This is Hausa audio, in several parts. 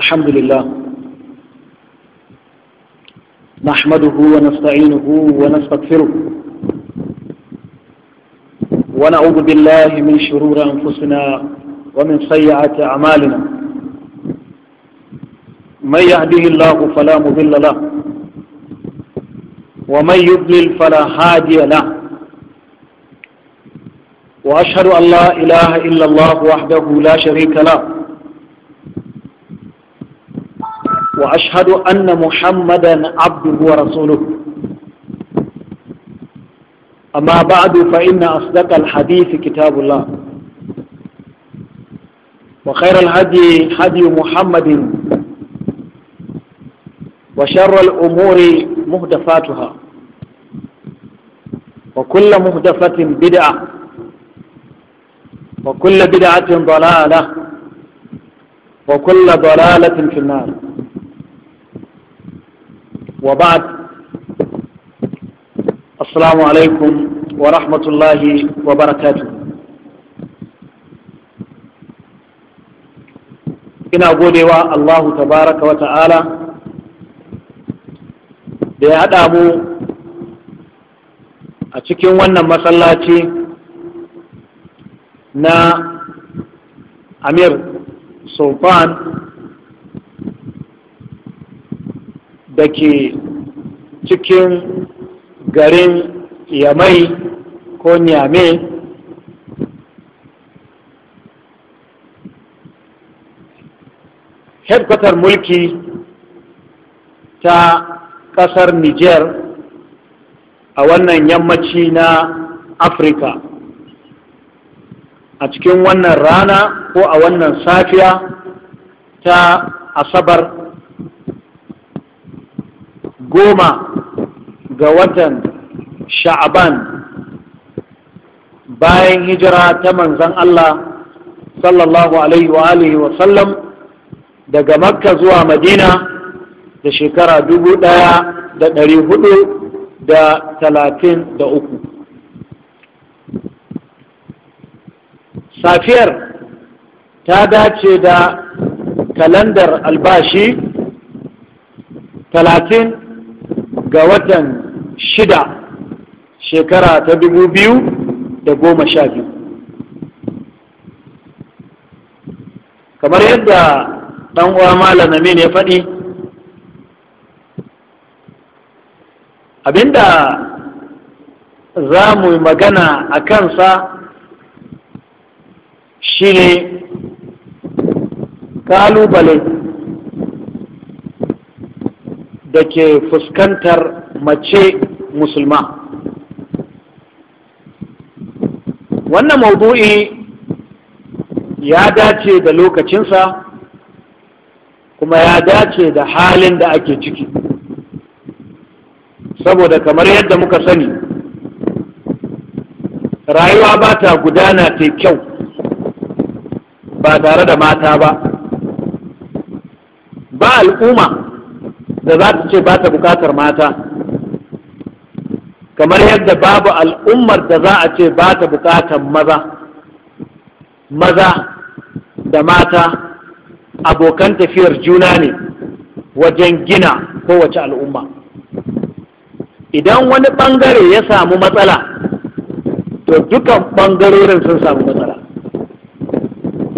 الحمد لله نحمده ونستعينه ونستغفره ونعوذ بالله من شرور أنفسنا ومن سيئات أعمالنا من يهده الله فلا مضل له ومن يضلل فلا هادي له وأشهد أن لا إله إلا الله وحده لا شريك له وأشهد أن محمدا عبده ورسوله أما بعد فإن أصدق الحديث كتاب الله وخير الهدي هدي محمد وشر الأمور مهدفاتها وكل مهدفة بدعة وكل بدعة ضلالة وكل ضلالة في النار wa ba'd assalamu alaikum wa rahmatullahi wa barakatu ina godewa Allahu tabaraka wa ta'ala da ya haɗa mu a cikin wannan masallaci na amir sultan da ke cikin garin yamai ko nyame headquarter mulki ta ƙasar niger a wannan yammaci na afirka a cikin wannan rana ko a wannan safiya ta asabar goma ga watan sha'aban bayan hijira ta manzan Allah sallallahu alaihi wa alihi wa sallam daga makka zuwa madina da shekara dubu ɗaya da ɗari hudu da talatin da uku safiyar ta dace da kalandar albashi talatin ga watan shida shekara ta dubu biyu da goma sha biyu kamar yadda ɗan uwa malama amin ya faɗi abinda za mu yi magana a kansa shine ƙalubale da ke fuskantar mace musulma wannan maudu'i ya dace da lokacinsa kuma ya dace da halin da ake ciki saboda kamar yadda muka sani rayuwa ba ta gudana ta kyau ba tare da mata ba ba al'umma da za ta ce ba ta bukatar mata kamar yadda babu al'ummar da za a ce ba ta bukatar maza maza da mata abokan tafiyar juna ne wajen gina kowace al'umma idan wani ɓangare ya samu matsala to dukan ɓangarorin sun samu matsala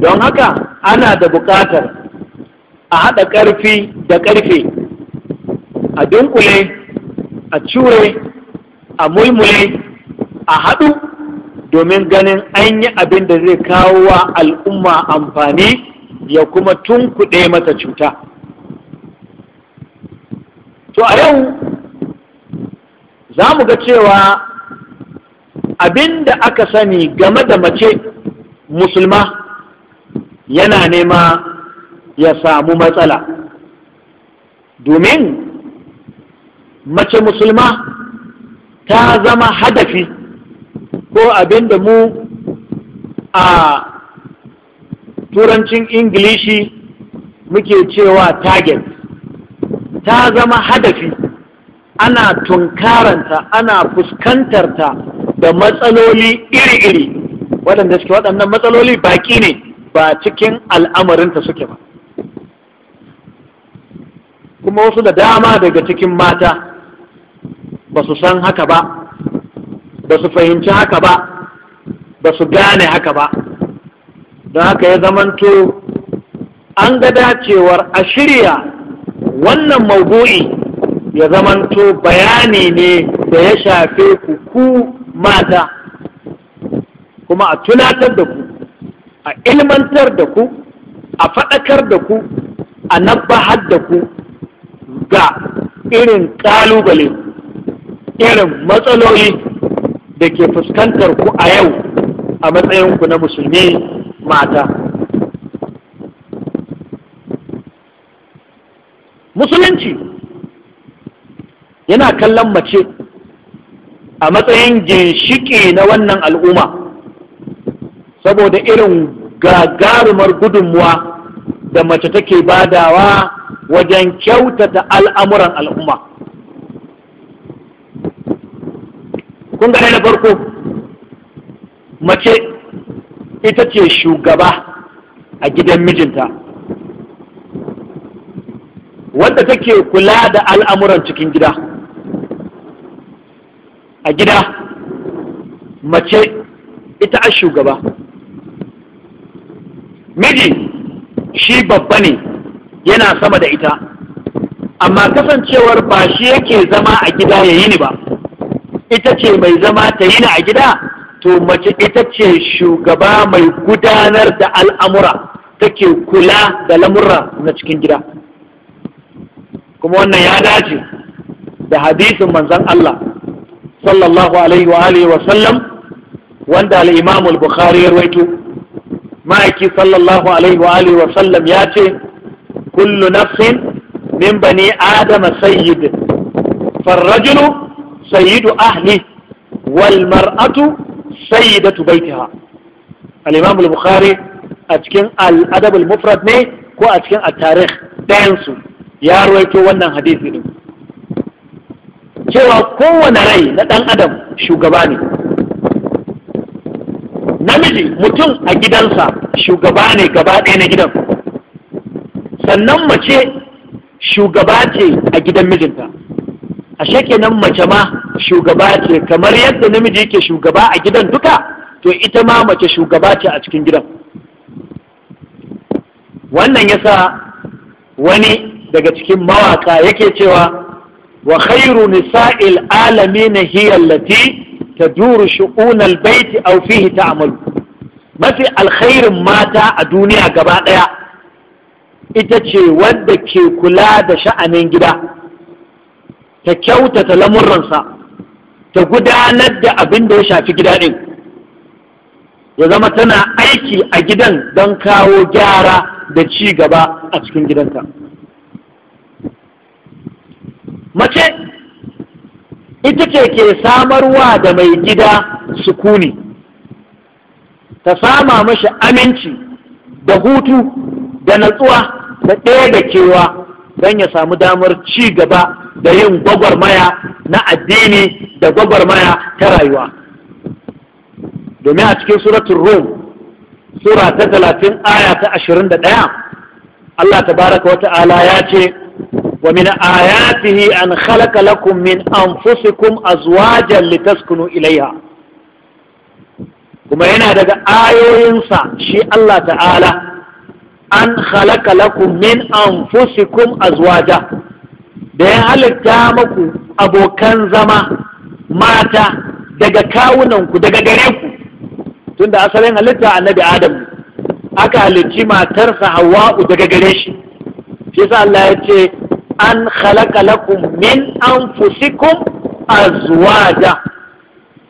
don haka ana da buƙatar a haɗa ƙarfi da ƙarfe a dunkule a cure a mulmule a haɗu domin ganin an yi abin da zai kawo wa al'umma amfani ya kuma tunkuɗe mata cuta to a yau za mu ga cewa abin da aka sani game da mace musulma yana nema ya samu matsala domin mace musulma ta zama hadafi ko abin da mu a turancin ingilishi muke cewa target ta zama hadafi ana tunkaranta ana fuskantarta da matsaloli iri-iri waɗanda suke waɗannan matsaloli baƙi ne ba cikin al'amarinta suke ba kuma wasu da dama daga cikin mata ba su san haka ba ba su fahimci haka ba ba su gane haka ba don haka ya zamanto an ga dacewar a shirya wannan maudu'i ya zamanto bayani ne da ya shafe ku ku mata kuma a tunatar da ku a ilmantar da ku a faɗakar da ku a nabbahar da ku ga irin ƙalubale irin matsaloli da ke fuskantar ku a yau a matsayinku na musulmi mata musulunci yana kallon mace a matsayin ginshiki na wannan al'umma saboda irin gagarumar gudunmuwa da mace take badawa wajen kyautata al'amuran al'umma kun gane na farko mace ita ce shugaba a gidan mijinta wadda take kula da al'amuran cikin gida a gida mace ita a shugaba miji shi babba ne yana sama da ita amma kasancewar ba shi yake zama a gida ya yi ni ba ita ce mai zama ta yi na a gida to mace ita ce shugaba mai gudanar da al'amura take kula da lamurra na cikin gida kuma wannan ya dace da hadisin manzan Allah sallallahu alaihi wa alihi wa sallam wanda al al-Bukhari ya rawaito ma'aiki sallallahu alaihi wa alihi wa sallam ya ce kullu nafsin min bani adama sayyid farrajinu sayyidu ahli walmar atu sayyidatu baitiha al-imam al-bukhari a cikin al al-mufrad ne ko a cikin at-tarikh su ya ruwaito wannan hadisi din cewa kowane rai na ɗan adam shugaba ne namiji mutum a gidansa shugaba ne gaba ɗaya na gidan sannan mace shugaba ce a gidan mijinta ashe kenan mace ma shugaba ce kamar yadda namiji yake shugaba a gidan duka to ita ma mace shugaba ce a cikin gidan wannan yasa wani daga cikin mawaka yake cewa wa khairu nisa'il alamin hiya allati taduru shu'un albayt aw fihi ta'malu mafi alkhairin mata a duniya gaba ɗaya, ita ce wanda ke kula da sha'anin gida ta kyautata lamurransa, ta gudanar da abin da ya shafi gida ɗin ya zama tana aiki a gidan don kawo gyara da ci gaba a cikin gidanta mace ita ce ke samarwa da mai gida sukuni ta sama mashi aminci da hutu da natsuwa da ɗaya da kewa don ya samu damar ci gaba da yin gwagwarmaya na addini da gwagwarmaya ta rayuwa domin a cikin suratun rum sura ta talatin aya ta ashirin da ɗaya allah tabaraka wa ta'ala ya ce wa min ayatihi an khalaqa lakum min anfusikum azwajan litaskunu ilaiha kuma yana daga ayoyinsa shi allah ta'ala an khalaqa lakum min anfusikum azwaja da ya halitta maku abokan zama mata daga kawunanku daga gare ku tunda asalin halitta annabi adam aka halicci matarsa hawa'u daga gare shi shi yasa Allah ya ce an khalaqa lakum min anfusikum azwaja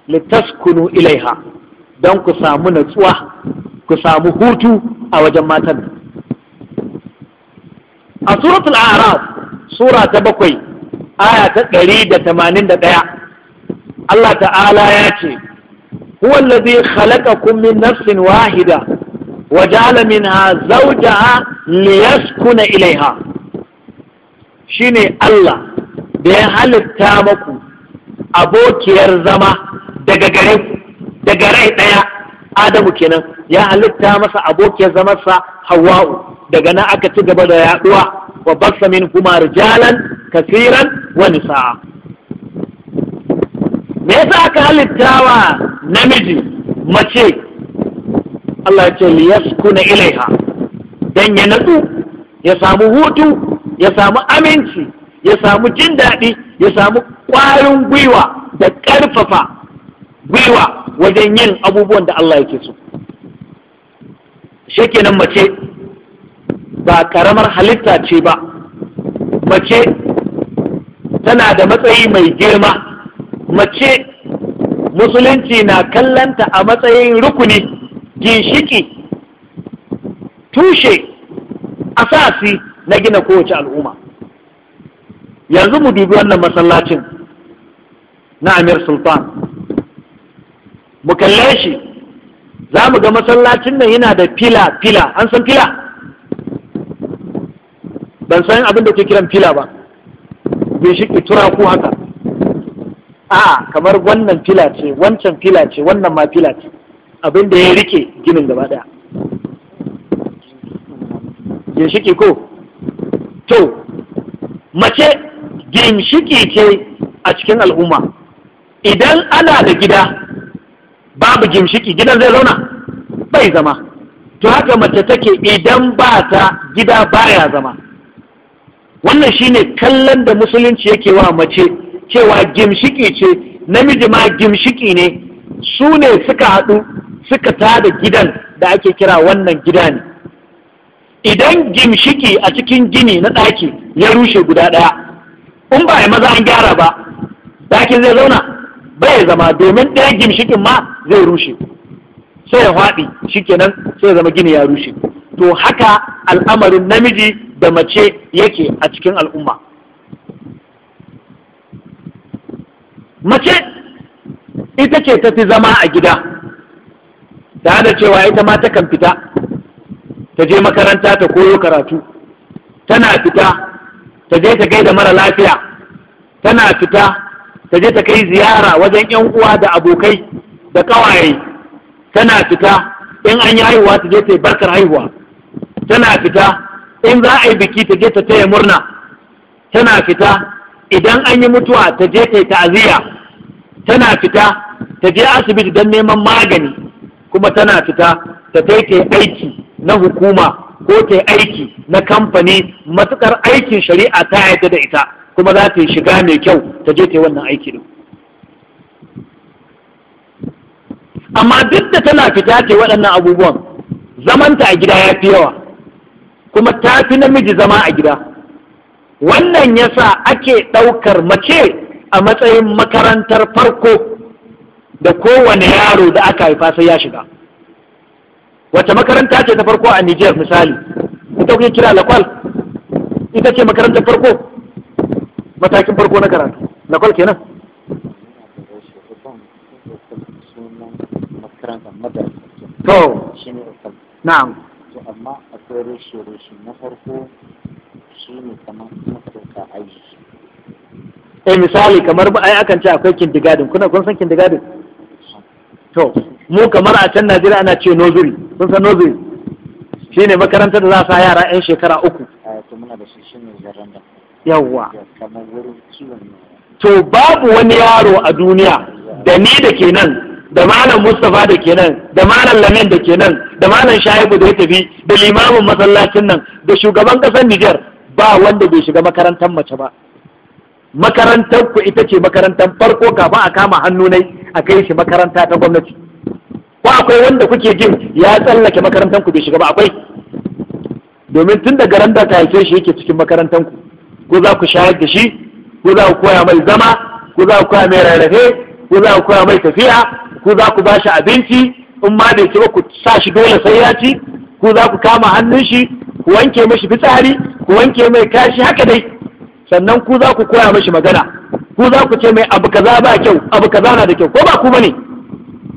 litaskunu ilaiha Dan ku samu natsuwa ku samu hutu a wajen matan a suratul a'raf sura ta bakwai aya ta ɗari da tamanin da ɗaya Allah ta'ala ya ce huwa allazi khalaqakum min nafsin wahida wa ja'ala minha zawjaha liyaskuna ilaiha shine Allah da ya halitta maku abokiyar zama daga gare daga rai ɗaya Adamu kenan ya halitta masa abokiyar zamansa Hawwa'u daga nan aka ci gaba da yaduwa wa basa min kuma rijalan kasiran wa nisa me yasa aka halitta wa namiji mace Allah ya ce yaskuna ilaiha dan ya natsu ya samu hutu ya samu aminci ya samu jin daɗi ya samu ƙwarin gwiwa da ƙarfafa gwiwa wajen yin abubuwan da Allah yake so shekenan mace ba karamar halitta ce ba mace tana da matsayi mai girma mace musulunci na kallanta a matsayin rukuni ginshiki tushe asasi na gina kowace al'umma yanzu mu dubi wannan masallacin na amir sultan mu kalle shi za mu ga masallacin nan yana da fila fila an san fila ban san abin da ke kiran fila ba ginshiki tura ko haka a kamar wannan fila ce wancan fila ce wannan ma fila ce abin da ya rike ginin gaba daya ginshiki ko to mace ginshiki ce a cikin al'umma idan ana da gida babu ginshiƙi, gidan zai zauna bai zama to haka mace take idan ba ta gida baya zama wannan shine kallon da musulunci yake wa mace cewa gimshiki ce namiji ma gimshiki ne su ne suka haɗu suka tada gidan da ake kira wannan gida ne idan gimshiki a cikin gini na ɗaki ya rushe guda ɗaya in ba ya maza an gyara ba ɗakin zai zauna bai zama domin ɗaya gimshikin ma zai rushe sai ya faɗi shikenan sai ya zama gini ya rushe to haka al'amarin namiji da mace yake a cikin al'umma mace ita ce ta fi zama a gida ta da cewa ita ma ta kan fita ta je makaranta ta koyo karatu tana fita ta je ta kai da mara lafiya tana fita ta je ta kai ziyara wajen 'yan uwa da abokai da ƙawaye tana fita in an yi haihuwa ta je ta yi barkar haihuwa tana fita in za a yi biki ta je ta taya murna tana fita idan an yi mutuwa ta je ta yi ta'aziyya tana fita ta je asibiti don neman magani kuma tana fita ta ta yi aiki na hukuma ko ta aiki na kamfani matukar aikin shari'a ta yadda da ita kuma za ta yi shiga mai kyau ta je ta yi wannan aiki din amma duk da tana fita yi waɗannan abubuwan zamanta a gida ya fi yawa kuma ta fi namiji zama a gida wannan yasa ake ɗaukar mace a matsayin makarantar farko da kowane yaro da aka haifa sai ya shiga wace makaranta ce ta farko a Nijar misali ita kuke kira lakwal ita ce makarantar farko matakin farko na karatu lakwal kenan to na'am akwai reshe-reshe na farko shi ne kamar mafarka aji eh misali kamar ba ai akan ce akwai kindigadin kuna kun san kindigadin to mu kamar a can Najeriya ana ce nozuri kun san Shi ne makarantar da za a sa yara yan shekara uku to muna da shi kamar wurin ciwon to babu wani yaro a duniya da ni da ke nan da malam Mustapha da ke nan da malam Lamin da ke nan da malam Shaibu da ya tafi da limamin masallacin nan da shugaban ƙasar Nijar ba wanda bai shiga makarantar mace ba makarantar ku ita ce makarantar farko kafin a kama hannu nai a kai shi makaranta ta gwamnati ko akwai wanda kuke jin ya tsallake makarantar ku bai shiga ba akwai domin tun da garan da ta shi yake cikin makarantar ku ko za ku shayar da shi ko za ku koya mai zama ko za ku koya mai rarrafe ko za ku koya mai tafiya ku za ku ba shi abinci in ma bai ci ba ku sa shi dole sai ya ci ku za ku kama hannun shi ku wanke mashi fitsari ku wanke mai kashi haka dai sannan ku za ku koya mashi magana ku za ku ce mai abu kaza ba kyau abu kaza na da kyau ko ba ku bane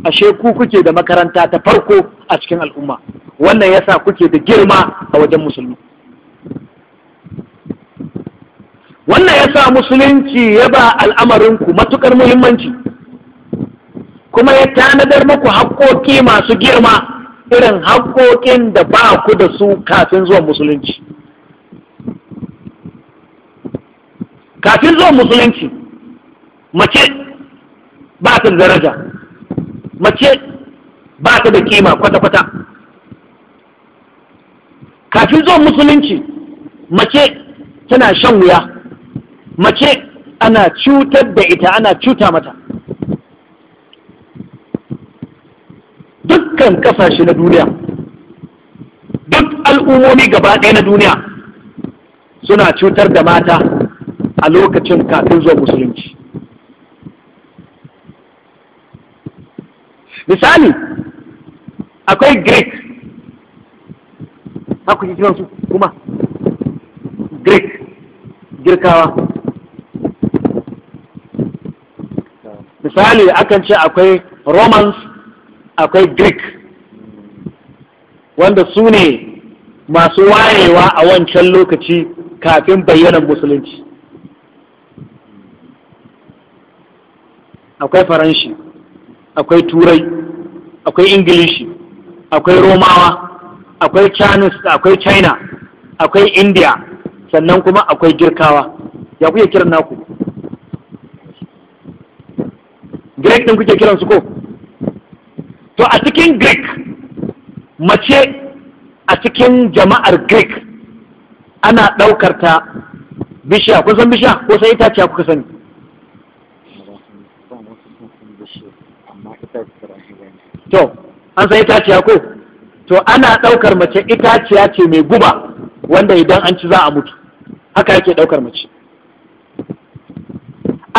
ashe ku kuke da makaranta ta farko a cikin al'umma wannan yasa kuke da girma a wajen musulmi wannan yasa musulunci ya ba al'amarinku matukar muhimmanci kuma ya tanadar muku haƙƙoƙi masu girma irin haƙƙoƙin da ba ku da su kafin zuwan musulunci kafin zuwan musulunci mace ba ta da daraja mace ba ta da kima kwata-kwata kafin zuwan musulunci mace tana shan wuya mace ana cutar da ita ana cuta mata dukkan kasashe na duniya duk al'ummomi gaba ɗaya na duniya suna cutar da mata a lokacin kafin zuwa musulunci misali akwai greek ku yi kiransu kuma greek girkawa misali akan ce akwai romans akwai greek wanda su ne masu wayewa a wancan lokaci kafin bayyanar musulunci akwai faranshi akwai turai akwai ingilishi akwai romawa akwai akwai china akwai india sannan kuma akwai girkawa ya kuke kiran naku greek din kuke kiran su ko to a cikin greek mace a cikin jama'ar greek ana ɗaukar ta bishiya kun san bishiya ko sai itaciya kuka sani to an san itaciya ko to ana ɗaukar mace itaciya ce mai guba wanda idan an ci za a mutu haka yake ɗaukar mace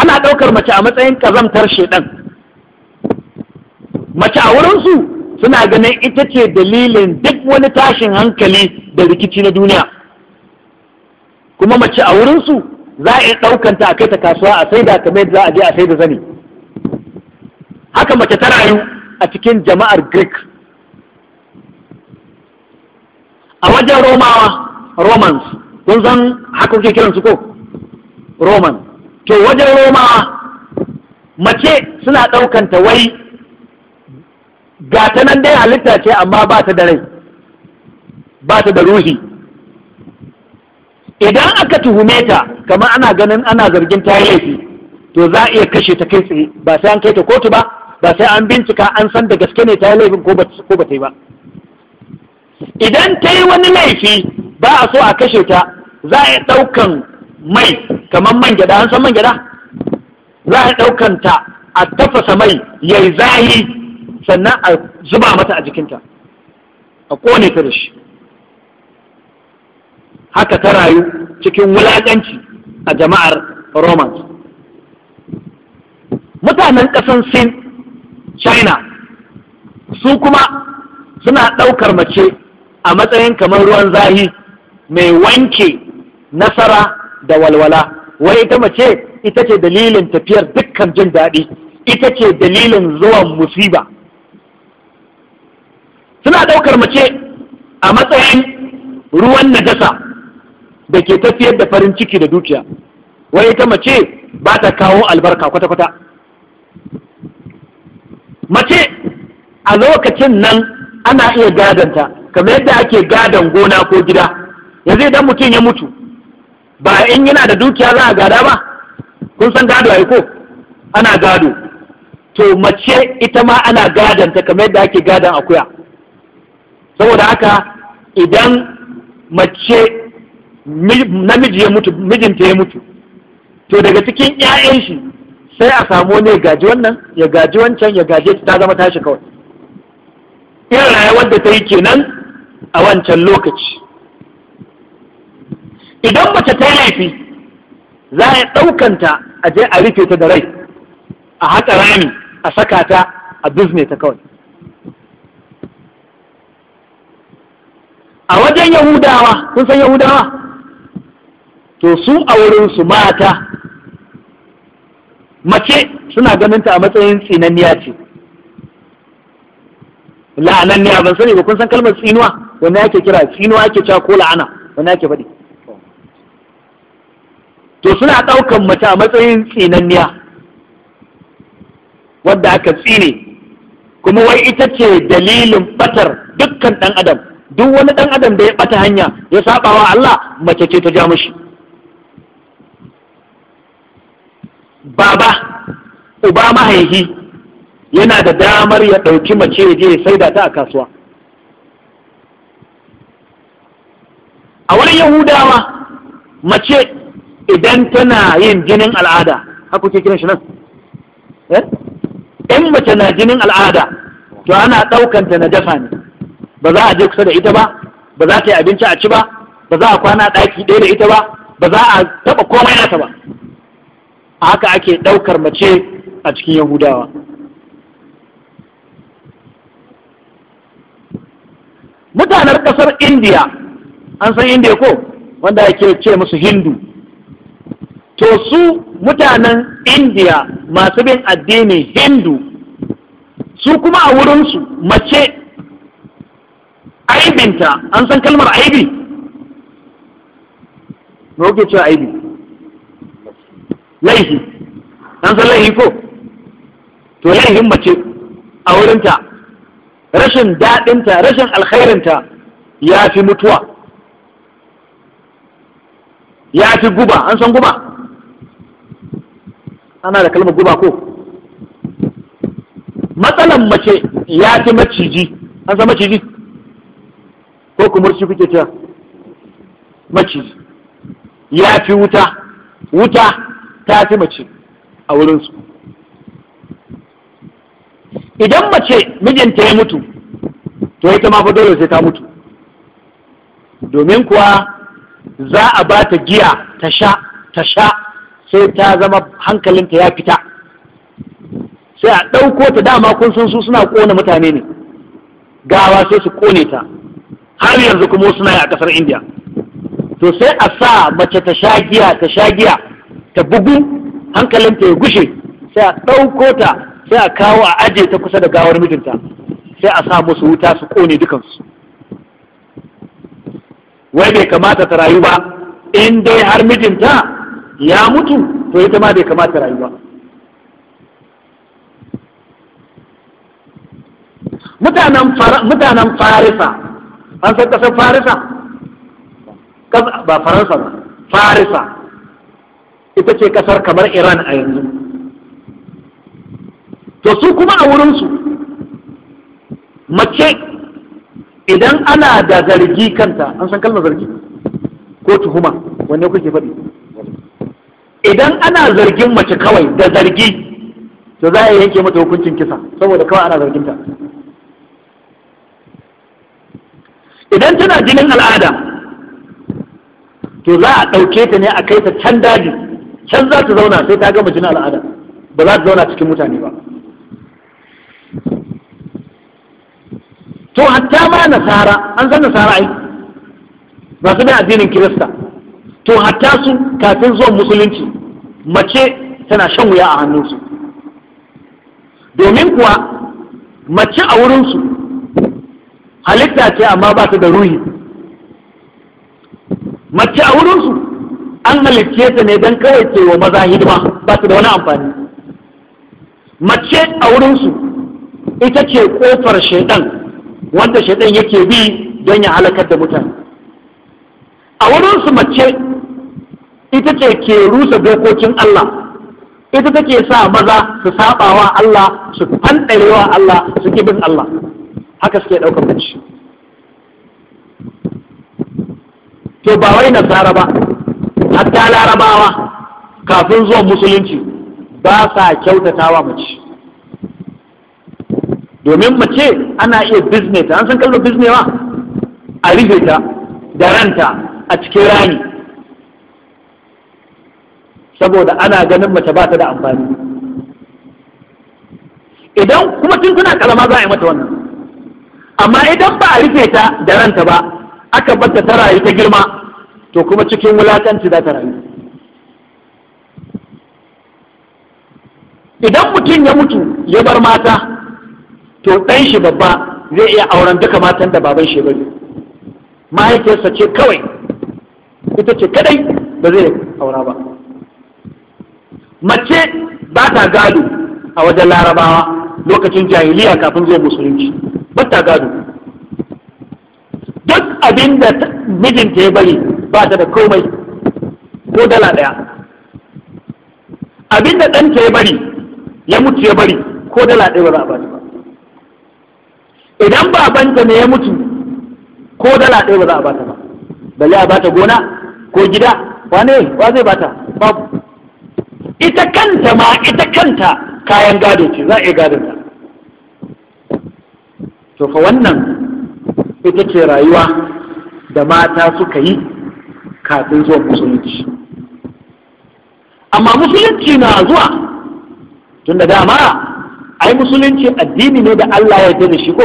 ana ɗaukar mace a matsayin ƙazamtar shedan mace a wurinsu suna ganin ita ce dalilin duk wani tashin hankali da rikici na duniya kuma mace a wurinsu za a ɗaukanta a kai ta kasuwa a sai da kamar yadda za a je a da zani haka mace ta rayu a cikin jama'ar greek a wajen romawa romans kun san haka kuke kiransu ko roman to wajen romawa mace suna ɗaukanta wai ga ta nan dai halitta ce amma ba ta da rai ba ta da ruhi idan aka tuhume ta kamar ana ganin ana zargin ta laifi to za a iya kashe ta kai tsaye ba sai an kai ta kotu ba ba sai an bincika an san da gaske ne ta yi laifin ko ba ta yi ba idan ta yi wani laifi ba a so a kashe ta za a iya ɗaukan mai kamar man gyada an san man gyada za a ɗaukan ta a tafasa mai yai zahi sannan a zuba mata a jikinta a kone ta da shi haka ta rayu cikin wulaƙanci a jama'ar romans mutanen ƙasar sin china su kuma suna ɗaukar mace a matsayin kamar ruwan zahi mai wanke nasara da walwala wai ita mace ita ce dalilin tafiyar dukkan jin daɗi ita ce dalilin zuwan musiba suna ɗaukar mace a matsayin ruwan najasa da ke tafiyar da farin ciki da dukiya wani ita mace ba ta kawo albarka kwata-kwata mace a lokacin nan ana iya gadanta kamar yadda ake gadan gona ko gida yanzu idan mutum ya mutu ba in yana da dukiya za a gada ba kun san gado ko ana gado to mace ita ma ana gadanta kamar yadda ake gadan akuya saboda haka idan mace namiji ya mutu mijinta ya mutu to daga cikin 'ya'yan shi sai a samu wani ya gaji wannan ya gaji wancan ya gaje ta zama tashi kawai irin rayuwar da ta yi kenan a wancan lokaci idan mace ta laifi za a ɗaukanta a je a rufe ta da rai a haƙa rami a saka ta a bizne ta kawai a wajen yahudawa kun san yahudawa to su a wurinsu mata mace suna ganin ta a matsayin tsinanniya ce la'ananniya ban sani ba kun san kalmar tsinuwa wanda yake kira tsinuwa yake cewa ko la'ana wanda yake faɗi to suna ɗaukan mace a matsayin tsinanniya wadda aka tsine kuma wai ita ce dalilin batar dukkan ɗan adam duk wani ɗan adam da ya bata hanya ya saba wa Allah mace ce ta ja mishi baba uba mahaihi yana da damar ya ɗauki mace ya je ya saida ta a kasuwa a wani yahudawa mace idan tana yin jinin al'ada haku ke kiran shi nan eh? in mace na jinin al'ada to ana ɗaukanta na dafa ne ba za a je kusa da ita ba ba za ta yi abinci a ci ba ba za a kwana ɗaki ɗaya da ita ba ba za a taɓa komai nata ba a haka ake ɗaukar mace a cikin yahudawa mutanen ƙasar indiya an san indiya ko wanda ake ce musu hindu to su mutanen indiya masu bin addinin hindu su kuma a wurinsu mace aibinta an san kalmar aibi me kuke cewa aibi laifi an san laifi ko to laifin mace a wurinta rashin daɗinta rashin alkhairinta ya fi mutuwa ya fi guba an san guba ana da kalmar guba ko matsalan mace ya fi maciji an san maciji ko shi kuke ta mace ya fi wuta wuta ta fi mace a wurinsu idan mace mijinta ya mutu to ita ma fa dole sai ta mutu domin kuwa za a ba ta giya ta sha ta sha sai ta zama hankalinta ya fita sai a ɗauko ta dama kun san su suna ƙona mutane ne gawa sai su ƙone ta har yanzu kuma wasu na yi a kasar indiya to sai a sa mace ta sha giya ta sha giya ta bugu hankalinta ya gushe sai a ɗauko ta sai a kawo a aje ta kusa da gawar mijinta sai a sa musu wuta su ƙone dukansu wai bai kamata ta rayu ba in dai har mijinta ya mutu to ita ma bai kamata ta rayu ba mutanen farisa an san kasar farisa ba faransa ba farisa ita ce kasar kamar iran a yanzu to su kuma a wurinsu mace idan ana da zargi kanta an san kalmar zargi ko tuhuma wanne kuke faɗi idan ana zargin mace kawai da zargi to za a yanke mata hukuncin kisa saboda kawai ana zarginta idan tana jinin al'ada to za a ɗauke ta ne a kai ta can daji can za ta zauna sai ta gama jinin al'ada ba za ta zauna cikin mutane ba to hatta ma nasara an san nasara ai ba su da addinin kirista to hatta su kafin zuwan musulunci mace tana shan wuya a hannunsu domin kuwa mace a wurinsu halitta ce amma ba ta da ruhi mace a wurinsu an halicce ta ne don kawai ce wa maza hidima ba ta da wani amfani mace a wurinsu ita ce kofar shaidan wanda shaidan yake bi don ya halakar da mutane a wurinsu mace ita ce ke rusa dokokin Allah ita take sa maza su sabawa Allah su fanɗarewa Allah su bin Allah haka suke ɗaukar mace to ba wai nasara ba hatta larabawa kafin zuwan musulunci ba sa kyautatawa mace domin mace ana iya bizne ta an san kalmar biznewa a rufe ta da ranta a cikin rani saboda ana ganin mace ba ta da amfani idan kuma tun tana kalama za a yi mata wannan amma idan ba a rufe ta da ranta ba aka bata ta rayu ta girma to kuma cikin wulakanci za ta rayu idan mutum ya mutu ya bar mata to ɗan shi babba zai iya auren duka matan da baban shi bari mahaifiyarsa ce kawai ita ce kadai ba zai aura ba mace ba ta gado a wajen larabawa lokacin jahiliya kafin zai musulunci bata gado duk abin da mijinta ya bari ba ta da komai ko dala ɗaya abin da ɗanta ya bari ya mutu ya bari ko dala ɗaya ba za a ba ba idan babanta ne ya mutu ko dala ɗaya ba za a ba ta ba balle a ba ta gona ko gida wane wa zai ba ta babu ita kanta ma ita kanta kayan gado ce za a iya gadon ta to fa wannan ita ce rayuwa da mata suka yi kafin zuwa musulunci amma musulunci na zuwa tun da dama ai musulunci addini ne da Allah ya da shi ko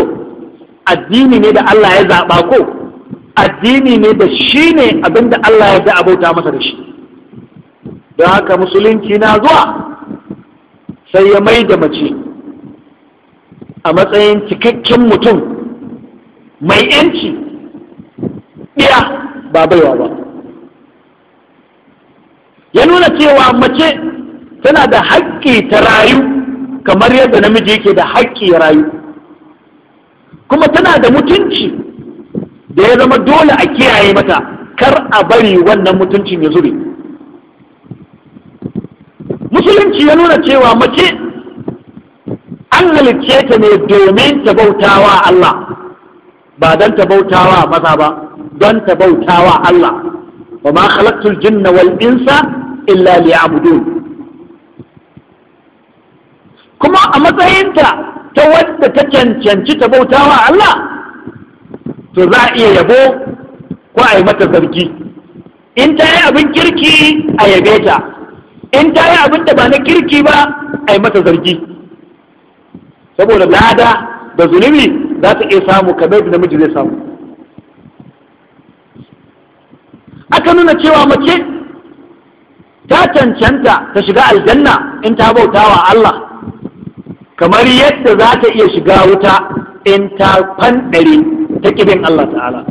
addini ne da Allah ya zaɓa ko addini ne da shi ne abin da Allah ya da abauta masa da shi don haka musulunci na zuwa sai ya mai da mace a matsayin cikakken mutum mai yanci ɗiya ba baiwa ba ya nuna cewa mace tana da haƙƙi ta rayu kamar yadda namiji yake da haƙƙi ya rayu kuma tana da mutunci da ya zama dole a kiyaye mata kar a bari wannan mutuncin ya zube musulunci ya nuna cewa mace an halicce ta ne domin ta bautawa Allah ba don ta bautawa maza ba don ta bautawa Allah Ba ma khalaqtul jinna wal insa illa liya'budun kuma a matsayinta ta wadda ta cancanci ta bautawa Allah to za a iya yabo ko a yi mata zargi in ta yi abin kirki a yabe ta in ta yi abin da ba na kirki ba a yi mata zargi saboda lada da zunubi za ta iya samu kamar da namiji zai samu aka nuna cewa mace ta cancanta ta shiga aljanna in ta bautawa Allah kamar yadda za ta iya shiga wuta in ta fanɗari ta ƙibin Allah ta'ala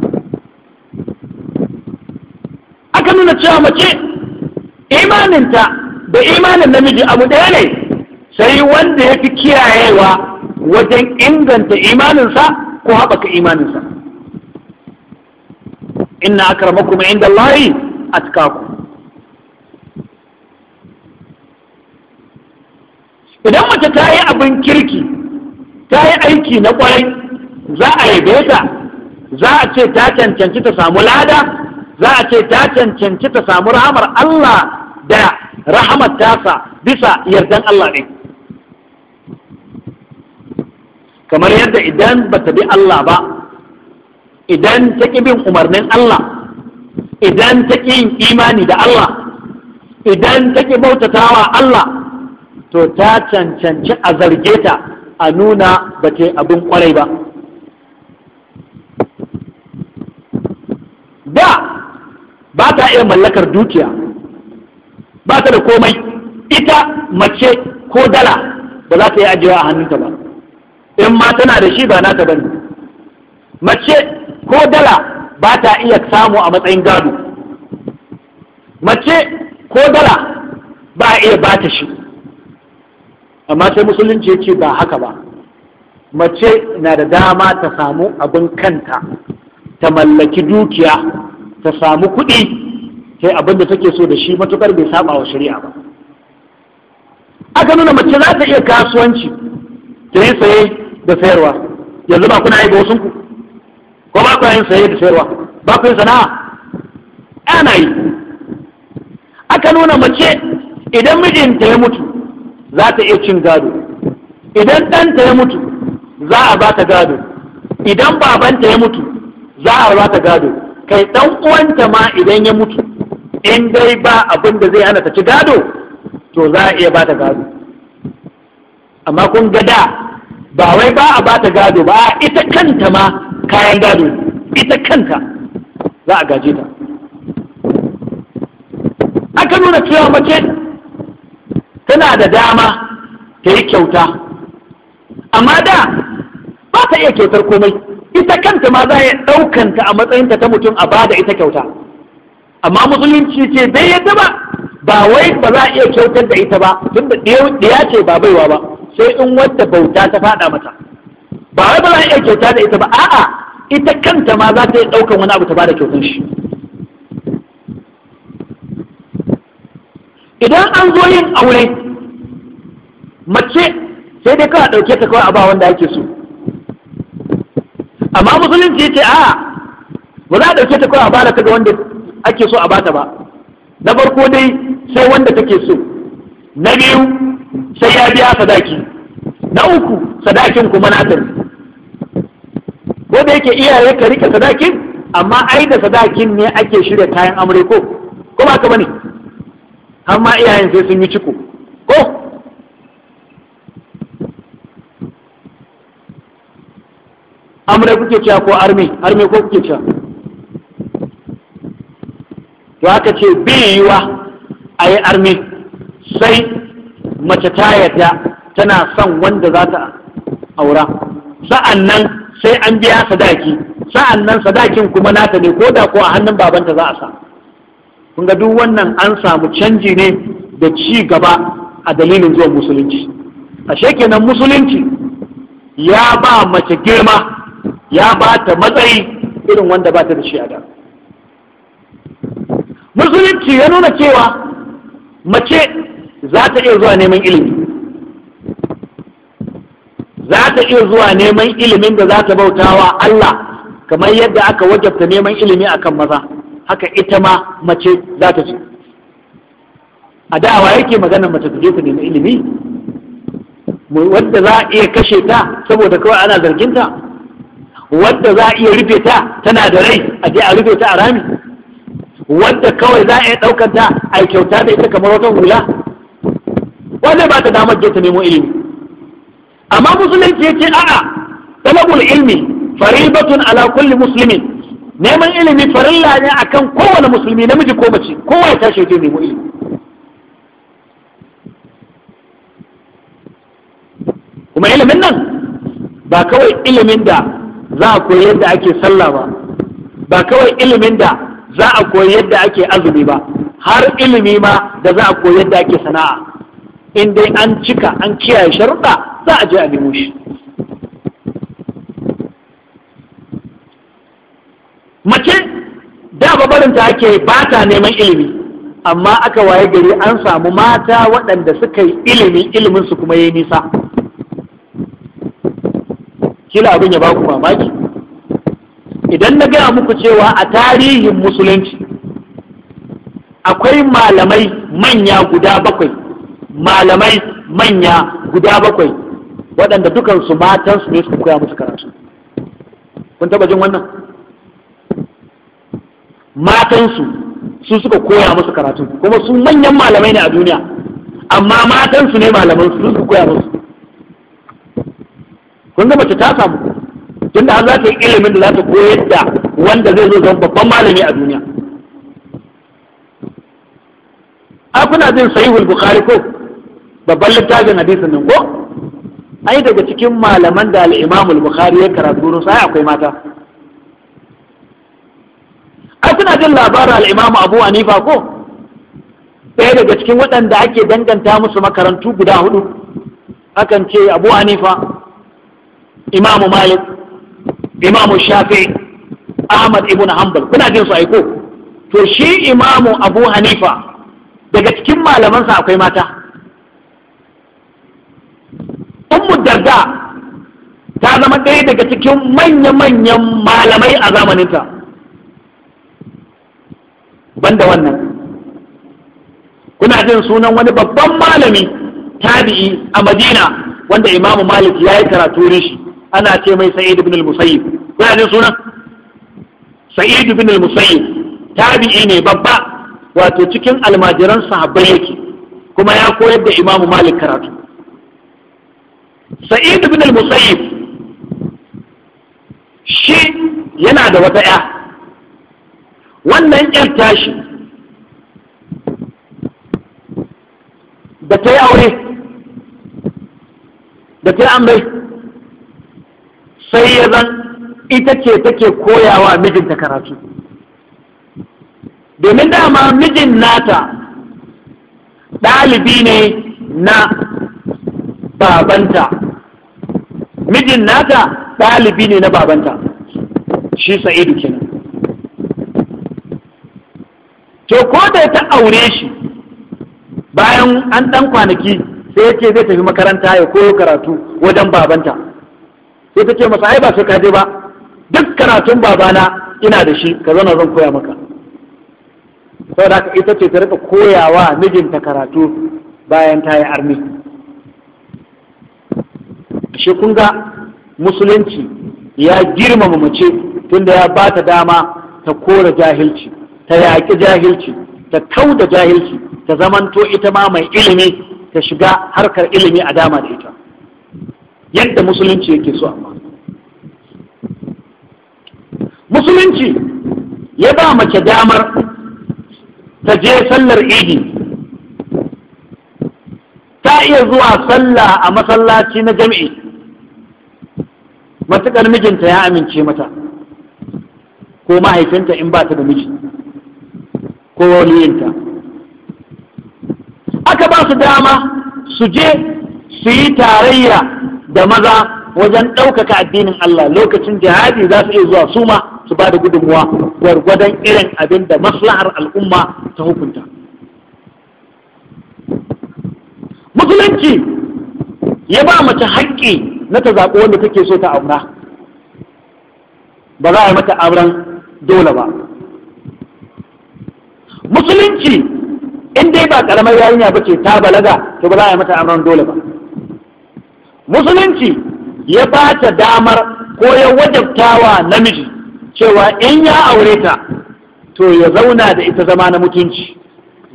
aka nuna cewa mace imaninta da imanin namiji abu ɗaya ne sai wanda ya fi kiyayewa wajen inganta imaninsa ko haɓaka imaninsa inna akramakum inda Allahi atkakum idan mace ta yi abin kirki ta yi aiki na kwarai za a yabe ta za a ce ta cancanci ta samu lada za a ce ta cancanci ta samu rahamar Allah da rahamar tasa bisa yardan Allah ne kamar yadda idan ba ta bi Allah ba idan ta ƙi bin umarnin Allah idan ta ƙi yin imani da Allah idan ta ƙi wa Allah to ta cancanci a zarge ta a nuna ba ta abin kwarai ba da ba ta iya mallakar dukiya ba ta da komai ita mace ko dala ba za ta yi ajiyar a hannunta ba in ma tana da shi ba naka bane mace ko dala ba ta iya samu a matsayin gado mace ko dala ba a iya bata shi amma sai musulunci ya ce ba haka ba mace na da dama ta samu abin kanta ta mallaki dukiya ta samu kuɗi ta yi abin da take so da shi matukar bai saba wa shari'a ba aka nuna mace za ta iya kasuwanci ta yi saye da sayarwa yanzu ba kuna aiki wasu ko ba ku yin saye da sayarwa ba ku yin sana'a ana yi aka nuna mace idan mijinta ya mutu za ta iya cin gado idan ɗanta ya mutu za a ba ta gado idan babanta ya mutu za a ba ta gado kai ɗan uwanta ma idan ya mutu in dai ba abin da zai hana ta ci gado to za a iya ba ta gado amma kun ga da ba wai ba a bata gado ba ita kanta ma kayan gado ita kanta za a gaje ta aka nuna cewa mace tana da dama ta yi kyauta amma da ba ta iya kyautar komai ita kanta ma za a ɗaukanta a matsayinta ta mutum a bada ita kyauta amma musulunci ce dai yadda ba ba wai ba za a iya kyautar da ita ba tun da ɗaya ce ba baiwa ba sai in wadda bauta ta faɗa mata ba wai ba za a iya kyauta da ita ba a'a ita kanta ma za ta yi ɗaukan wani abu ta bada kyautar shi idan an zo yin aure mace sai dai kawai ɗauke ta kawai a ba wanda ake so amma musulunci ce a ba za a ɗauke ta kawai a bada ta ga wanda ake so a bata ba na farko dai sai wanda take so na biyu sai ya biya sadaki na uku sadakin kuma na asali ko da yake iyaye ka rike sadakin amma ai da sadakin ne ake shirya kayan amure ko ko ba ka bane amma iyayen sai sun yi ciko ko amure kuke cewa ko arme arme ko kuke cewa to haka ce bai yiwa a yi arme sai mace ta yadda tana son wanda za ta aura sa'an nan sai an biya sadaki sa'an nan sadakin kuma nata ne ko da ko a hannun babanta za a sa kun ga duk wannan an samu canji ne da ci gaba a dalilin zuwan musulunci ashe kenan musulunci ya ba mace girma ya ba ta matsayi irin wanda ba ta da shi a musulunci ya nuna cewa mace za ta iya zuwa neman ilimi za ta iya zuwa neman ilimin da za ta bautawa Allah kamar yadda aka wajabta neman ilimi akan maza haka ita ma mace za ta ce a dawa yake maganar mace ta je ta nemi ilimi wadda za a iya kashe ta saboda kawai ana zarginta wadda za a iya rufe ta tana da rai a je a rufe ta a rami wadda kawai za a iya ɗaukanta a kyauta da ita kamar wata hula wa zai ba ta damar je ta nemo ilimi amma musulunci yace a'a talabul ilmi faridatun ala kulli muslimin neman ilimi farilla ne akan kowane musulmi namiji ko mace kowa ya tashi je nemo ilimi kuma ilimin nan ba kawai ilimin da za a koyi yadda ake sallah ba ba kawai ilimin da za a koyi yadda ake azumi ba har ilimi ma da za a koyi yadda ake sana'a in dai an cika an kiyaye sharuɗa za a je a nemo shi mace da barinta ake ba ta neman ilimi amma aka waye gari an samu mata waɗanda suka yi ilimi ilimin su kuma ya nisa kila abin ya ba ku mamaki idan na gaya muku cewa a tarihin musulunci akwai malamai manya guda bakwai malamai manya guda bakwai waɗanda dukansu matansu ne suka koya musu karatu kun taba jin wannan matansu su suka koya musu karatu kuma su manyan malamai ne a duniya amma matansu ne malaman su suka koya musu kun ga mace ta samu tunda da za ta yi ilimin da za ta koyar da wanda zai zo zama babban malami a duniya a kuna jin sahihul bukhari ko babban littafin hadisin nan ko ai daga cikin malaman da al-Imam al-Bukhari ya karatu ne sai akwai mata a suna jin labarin al-Imam Abu Hanifa ko ɗaya daga cikin waɗanda ake danganta musu makarantu guda hudu akan ce Abu Hanifa Imam Malik Imam Shafi Ahmad ibn Hanbal kuna jin su aiko to shi Imam Abu Hanifa daga cikin malamansa akwai mata ummu darda ta zama ɗaya daga cikin manya-manyan malamai a zamaninta banda wannan kuna jin sunan wani babban malami tabi'i a madina wanda imamu malik ya yi karatu shi ana ce mai sa'id ibn al-musayyib kuna jin sunan sa'id ibn al-musayyib tabi'i ne babba wato cikin almajiran sahabbai yake kuma ya koyar da imamu malik karatu sa'id ibn al-musayyib shi yana da wata ya wannan yar tashi da ta yi aure da ta yi sai ya zan ita ce take koyawa mijinta karatu domin dama mijin nata ɗalibi ne na babanta mijin nata ɗalibi ne na babanta shi sa'idu kenan to ko da ta aure shi bayan an ɗan kwanaki sai ya zai tafi makaranta ya koyo karatu wajen babanta sai ta ce masa ai ba su kaje ba duk karatun babana ina da shi ka zana zan koya maka saboda haka ita ce ta rika koyawa mijinta karatu bayan ta yi armi ashe kun ga musulunci ya girmama mace tunda ya ba ta dama ta kora jahilci ta yaƙi jahilci ta kau da jahilci ta zamanto ita ma mai ilimi ta shiga harkar ilimi a dama da ita yadda musulunci yake so amma musulunci ya ba mace damar ta je sallar idi ta iya zuwa sallah a masallaci na jam'i matuƙar mijinta ya amince mata ko mahaifinta in ba ta da miji ko waliyinta aka ba su dama su je su yi tarayya da maza wajen ɗaukaka addinin Allah lokacin jihadi za su iya zuwa su ma su ba da gudunmuwa gwargwadon irin abin da maslahar al'umma ta hukunta musulunci ya ba mace haƙƙi na ta zaɓi wanda take so ta aura ba za a yi mata auren dole ba musulunci in dai ba ƙaramar yarinya ba ce ta balaga to ba za a yi mata auren dole ba musulunci ya ba ta damar ko ya wajabtawa namiji cewa in ya aure ta to ya zauna da ita zama na mutunci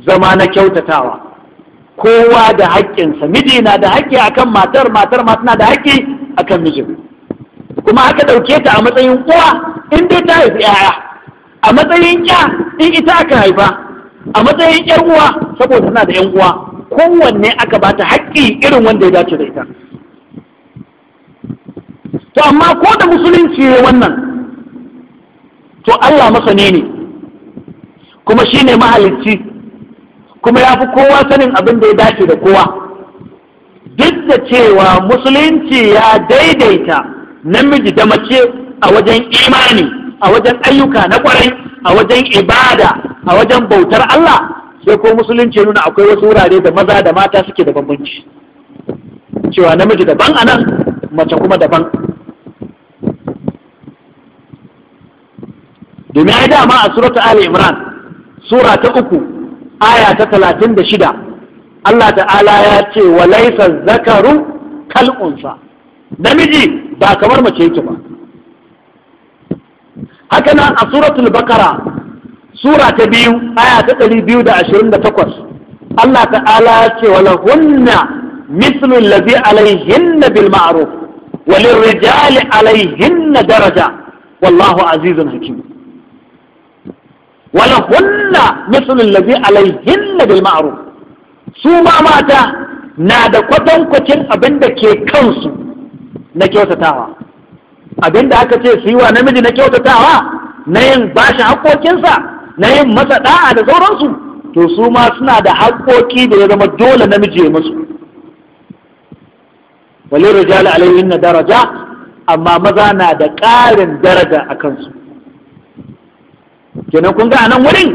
zama na kyautatawa kowa da haƙƙinsa miji na da haƙƙi akan matar matar ma tana da haƙƙi akan mijin kuma aka ɗauke ta a matsayin uwa in dai ta haifi yaya a matsayin ya in ita aka haifa a matsayin yar uwa saboda tana da ƴan uwa kowanne aka ba ta haƙƙi irin wanda ya dace da ita to amma ko da musulunci ne wannan to Allah masani ne kuma shine mahalicci kuma ya fi kowa sanin abin da ya dace da kowa duk da cewa musulunci ya daidaita namiji da mace a wajen imani a wajen ayyuka na kwarai a wajen ibada a wajen bautar Allah sai ko musulunci nuna akwai wasu wurare da maza da mata suke da bambanci cewa namiji daban a nan mace kuma daban domin ai dama a suratu ali imran sura ta uku aya ta talatin da shida Allah ta'ala ya ce wa laisa zakaru kal'unsa namiji ba kamar mace yake ba haka nan a suratul bakara sura ta biyu aya ta ɗari biyu da ashirin da takwas Allah ta'ala ya ce wa lahunna alaihinna bil عليهن بالمعروف وللرجال عليهن daraja. Wallahu, azizun حكيم wala hunna mislu allazi alayhinna bil ma'ruf su ma mata na da kwatankwacin abin da ke kansu na kyautatawa abin da aka ce su yi wa namiji na kyautatawa na yin bashi haƙoƙinsa na yin masa da'a da sauransu to su ma suna da haƙoƙi da ya zama dole namiji ya musu walin rijal alayhin na daraja amma maza na da ƙarin daraja a kansu kenan kun ga nan wurin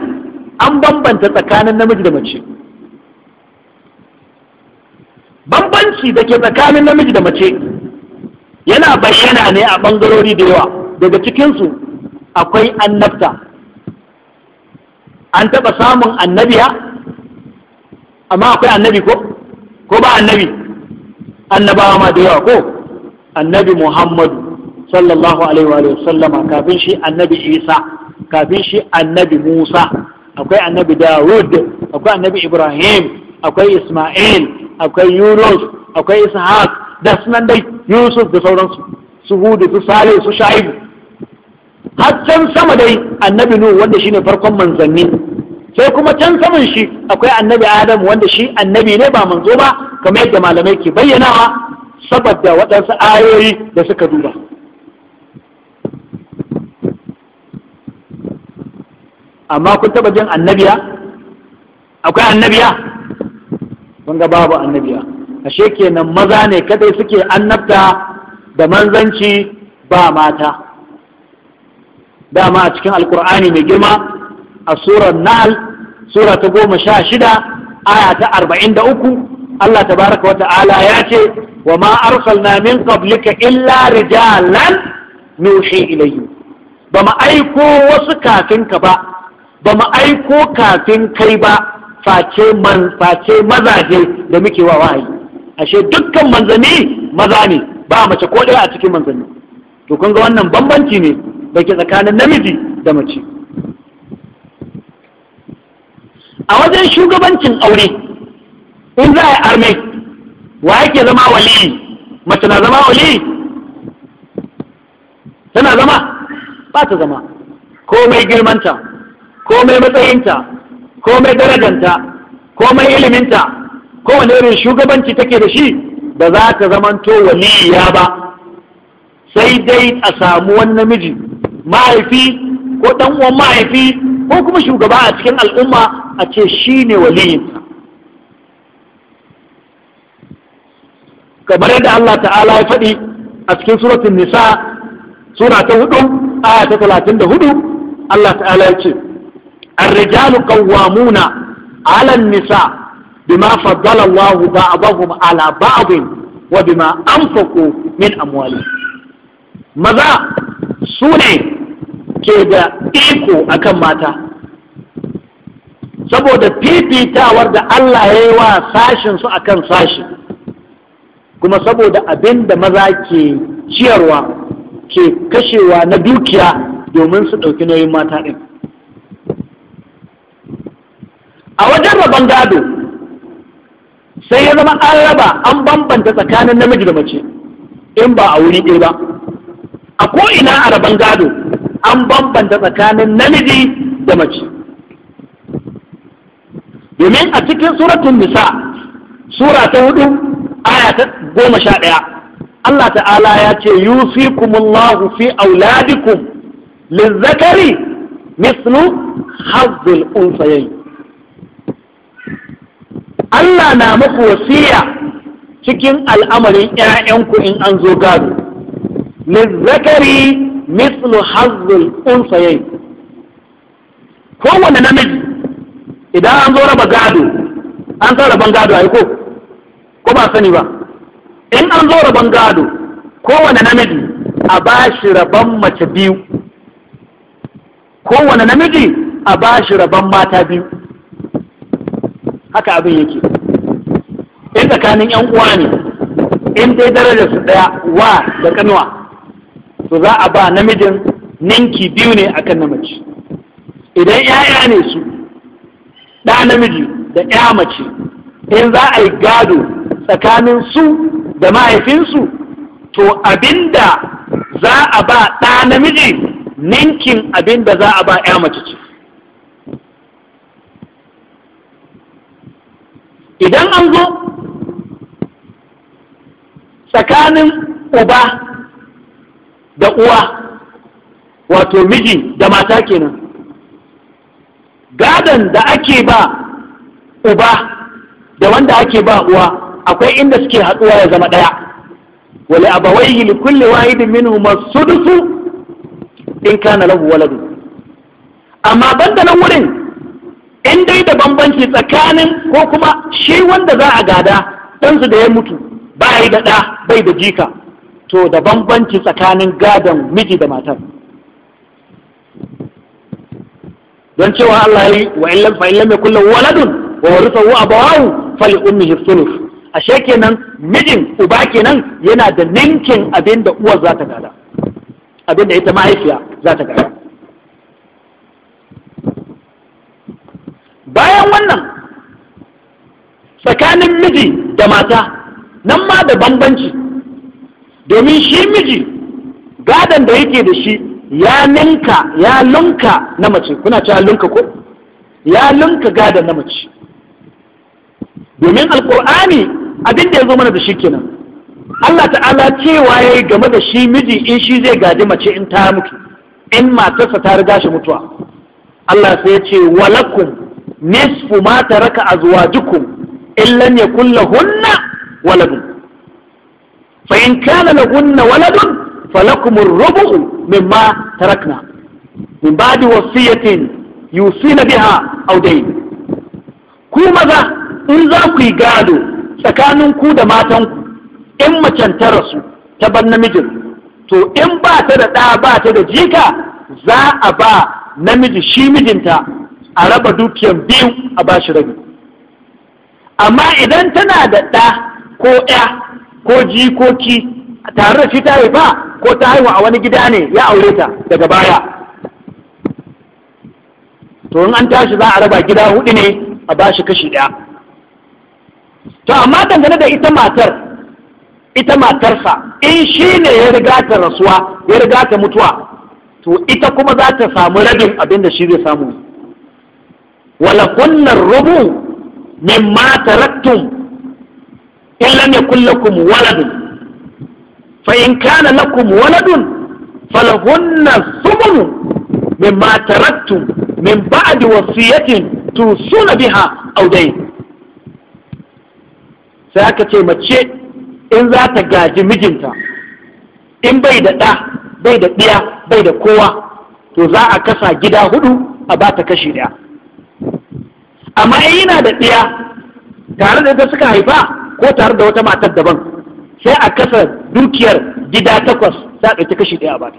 an bambanta tsakanin namiji da mace bambanci da ke tsakanin namiji da mace yana bayyana ne a ɓangarori da yawa daga cikinsu akwai annabta an taɓa samun annabiya amma akwai annabi ko ko ba annabi annabawa ma da yawa ko annabi muhammadu sallallahu alaihi wa sallama kafin shi annabi isa kafin shi annabi Musa akwai annabi Dawud akwai annabi Ibrahim akwai Ismail akwai Yunus akwai Ishaq da sunan dai Yusuf da sauransu su Hudu su Sare, su sha'ib. har can sama dai annabi Nuhu wanda shine farkon manzanni sai kuma can saman shi akwai annabi Adam wanda shi annabi ne ba manzo ba kamar yadda malamai ke bayyanawa saboda waɗansu ayoyi da suka duba amma kun taba jin annabiya akwai annabiya kun ga babu annabiya ashe kenan maza ne kadai suke annabta da manzanci ba mata dama a cikin alkur'ani mai girma a surar na'al sura ta goma sha shida aya ta arba'in da uku Allah tabaraka wa ta'ala ya ce wa ma arsalna min qablika illa rijalan nuhi ilayhi ba ma aiko wasu kafinka ba ba mu aiko kafin kai ba face mazaje da muke wa wahayi ashe dukkan manzanni maza ne ba mace ko ɗaya a cikin manzanni to kun ga wannan bambanci ne da ke tsakanin namiji da mace a wajen shugabancin aure in za a yi arme wa yake zama waliyi mace na zama waliyi tana zama ba ta zama komai girmanta komai matsayinta komai darajanta komai iliminta kowane irin shugabanci take da shi ba za ta zamanto waliya ba sai dai a samu wani namiji mahaifi ko ɗan uwan mahaifi ko kuma shugaba a cikin al'umma a ce shi ne waliyinta kamar yadda Allah ta'ala ya faɗi a cikin suratun nisa sura ta hudu aya ta talatin da hudu Allah ta'ala ya ce الرجال قوامون على النساء بما فضل الله بعضهم على بعض وبما أنفقوا من أموالهم maza su ne ke da iko akan mata saboda fifitawar da Allah ya yi wa sashin su akan sashi kuma saboda abin da maza ke ciyarwa ke kashewa na dukiya domin su ɗauki nauyin mata ɗin a wajen rabon gado sai ya zama an raba an bambanta tsakanin namiji da mace in ba a wuri ɗaya ba a ko'ina a rabon gado an bambanta tsakanin namiji da mace domin a cikin suratun nisa sura ta hudu aya ta goma sha ɗaya Allah ta'ala ya ce yusikumullahu fi auladikum lizzakari mislu hazzul unsayayi Allah na muku wasiya cikin al'amarin ‘ya'yanku in an zo gado, zakari mislu hazzul unsayayi kowane namiji idan an zo raba gado an san raban gado ai ko ko ba sani ba in an zo raban gado kowane namiji a ba shi raban mace biyu kowane namiji a ba shi raban mata biyu haka abin yake in tsakanin yan uwa ne in dai darajar su ɗaya wa da ƙanuwa, to za a ba namijin ninki biyu ne akan namiji idan 'ya'ya ne su ɗa namiji da 'ya mace in za a yi gado tsakanin su da mahaifinsu to abinda za a ba ɗa namiji ninkin abinda za a ba 'ya mace ce idan an zo tsakanin uba da uwa wato miji da mata kenan gadon da ake ba uba da wanda ake ba uwa akwai inda suke haɗuwa ya zama ɗaya wale abawaihi li kulli wahidin minhum sudusu in kana lahu waladu amma banda nan wurin in dai da bambanci tsakanin ko kuma shi wanda za a gada ɗansu da ya mutu ba yi da ɗa bai da jika to da bambanci tsakanin gadon miji da matar don cewa Allah yi wa illan fa illan mai lahu waladun wa warithahu abawahu fali ummihi ashe kenan mijin uba kenan yana da ninkin abin da uwar za ta gada abin ita mahaifiya za ta gada bayan wannan tsakanin miji da mata nan ma da bambanci domin shi miji gadon da yake da shi ya ninka ya lunka na mace kuna cewa lunka ko ya lunka gadon na mace domin alkur'ani abin da ya zo mana da shi kenan Allah ta'ala cewa ya yi game da shi miji in shi zai gadi mace in ta mutu in matarsa ta riga shi mutuwa Allah sai ya ce walakum nisfu ma taraka azwajukum in lam yakul lahunna waladun fa in kana lahunna waladun falakum ar-rubu mimma tarakna min ba'di wasiyatin yusina biha aw dayn ku maza in za ku yi gado tsakanin ku da matanku in macen ta rasu ta bar namijin to in ba ta da ɗa ba ta da jika za a ba namiji shi mijinta a raba dukiyan biyu a bashi rabi amma idan tana da ɗa ko ya ko jikoki tare da shi ta haifa ko ta haihu a wani gida ne ya aure ta daga baya to in an tashi za a raba gida hudu ne a bashi kashi ɗaya to amma dangane da ita matar ita matarsa in shi ne ya riga ta rasuwa ya riga ta mutuwa to ita kuma za ta samu rabin abin da shi zai samu wala kunnar rubu min ma taraktum in lam yakul lakum waladun fa in kana lakum waladun falahunna thumnu ma taraktum min ba'di wasiyatin tusuna biha aw dayn sai aka ce mace in za ta gaji mijinta in bai da ɗa bai da ɗiya bai da kowa to za a kasa gida huɗu, a ba ta kashi ɗaya amma yana da ɗaya tare da ita suka haifa ko tare da wata matar daban sai a kasa dukiyar gida takwas za a ɗauki kashi ɗaya a bata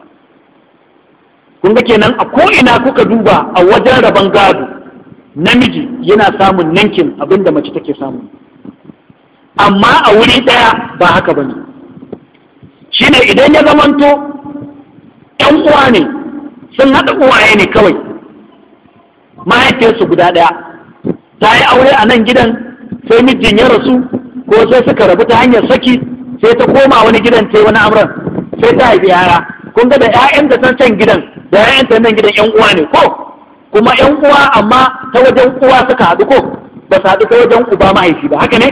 kun ga kenan a ko'ina kuka duba a wajen rabon gado namiji yana samun ninkin abin da mace take samu amma a wuri ɗaya ba haka ba ne shine idan ya zamanto 'yan uwa ne sun haɗa uwaye ne kawai mahaifiyarsu guda ɗaya ta yi aure a nan gidan sai mijin ya rasu ko sai suka rabu ta hanyar saki sai ta koma wani gidan ta wani amuran sai ta haifi yara kun ga da 'ya'yan da can gidan da 'ya'yan ta nan gidan 'yan uwa ne ko kuma 'yan uwa amma ta wajen uwa suka haɗu ko ba su haɗu ta wajen uba mahaifi ba haka ne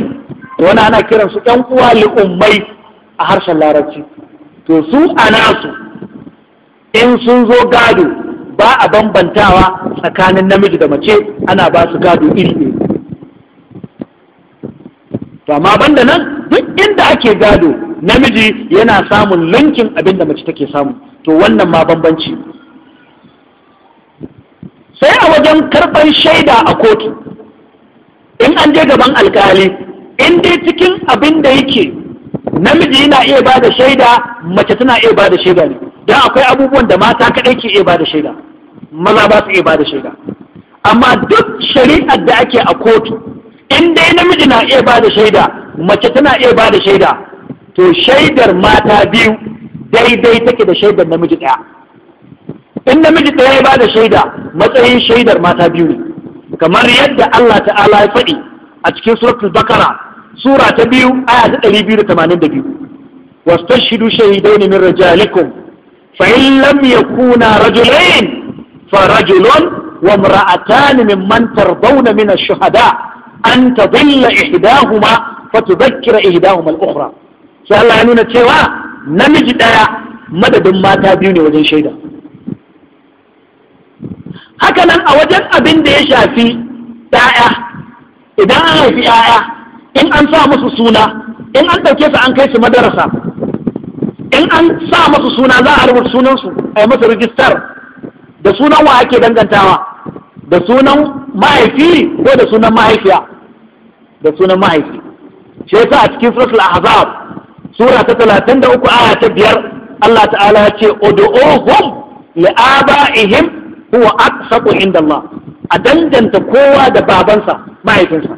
to wani ana kiran su 'yan uwa li'ummai a harshen larabci to su a nasu in sun zo gado ba a bambantawa tsakanin namiji da mace ana ba su gado iri ne to amma banda nan duk inda ake gado namiji yana samun linkin abin da mace take samu to wannan ma bambanci sai a wajen karɓar shaida a kotu in an je gaban alkali in dai cikin abin da yake namiji yana iya ba da shaida mace tana iya ba da shaida ne da akwai abubuwan da mata kaɗai ke iya bada shaida maza ba su iya bada shaida amma duk shari'ar da ake a kotu in dai namiji na iya bada shaida mace tana iya bada shaida to shaidar mata biyu daidai take da shaidar namiji ɗaya in namiji ɗaya ya bada shaida matsayin shaidar mata biyu ne kamar yadda Allah ta'ala ya faɗi a cikin suratul bakara sura ta biyu aya ta ɗari biyu da tamanin da biyu wastashhidu shahidaini min rijalikum فإن لم يكونا رجلين فرجل وامرأتان ممن ترضون من الشهداء أن تضل إحداهما فتذكر إحداهما الأخرى سأل الله عنونا تيوا نمجد آية مدد ما تابيوني وجن شيدا هكذا أوجد أبن ديشا في دائع إذا أنا في آية إن أنسى مصر سونا إن أنت كيف أنكيس مدرسة in an sa masu suna za a rubuta sunansu a yi masa rijistar da sunan wa ake dangantawa da sunan mahaifi ko da sunan mahaifiya da sunan mahaifi shi yasa a cikin suratul ahzab sura ta talatin da uku aya ta biyar Allah ta'ala ya ce ud'uhum li'aba'ihim huwa aqsaqu inda Allah a danganta kowa da babansa mahaifinsa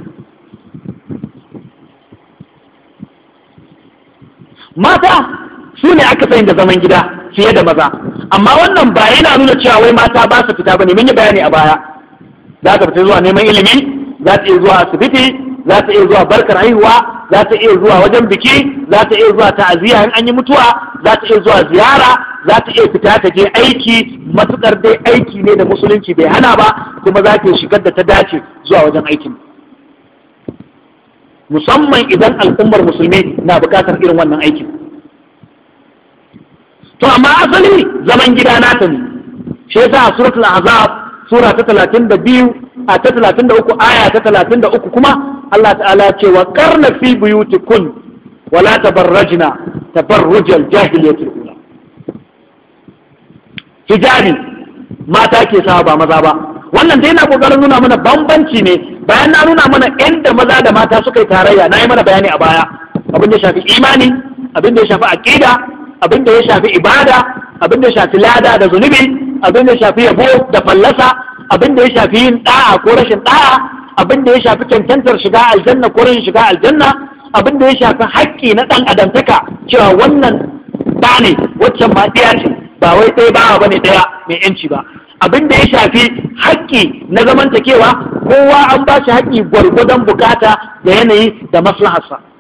mata su ne aka sayin da zaman gida fiye da maza amma wannan ba yana nuna cewa wai mata ba su fita ba bane mun yi bayani a baya za ta fita zuwa neman ilimi za ta iya zuwa asibiti za ta iya zuwa barkar haihuwa za ta iya zuwa wajen biki za ta iya zuwa ta'aziyya in an yi mutuwa za ta iya zuwa ziyara za ta iya fita ta je aiki matukar dai aiki ne da musulunci bai hana ba kuma za ta shigar da ta dace zuwa wajen aikin musamman idan al'ummar musulmi na bukatar irin wannan aikin to amma asali zaman gida na ta ne shi yasa a suratul sura ta talatin da biyu a ta talatin da uku aya ta talatin da uku kuma Allah ta'ala ce wa na fi buyutikun wala tabarrajna tabarrujal jahiliyatul ula hijabi mata ke sawa ba maza ba wannan dai na kokarin nuna mana bambanci ne bayan na nuna mana inda maza da mata suka yi tarayya na yi mana bayani a baya abin da shafi imani abin da ya shafi aqida abin da ya shafi ibada abin da ya shafi lada da zunubi abin da ya shafi yabo da fallasa abin da ya shafi yin da'a ko rashin da'a abin da ya shafi cancantar shiga aljanna ko rashin shiga aljanna abin da ya shafi haƙƙi na ɗan adamtaka cewa wannan ba ne waccan ma ɗaya ce ba wai ɗaya ba ba ne ɗaya mai yanci ba abin da ya shafi haƙƙi na zamantakewa kowa an ba shi haƙƙi gwargwadon bukata da yanayi da maslaharsa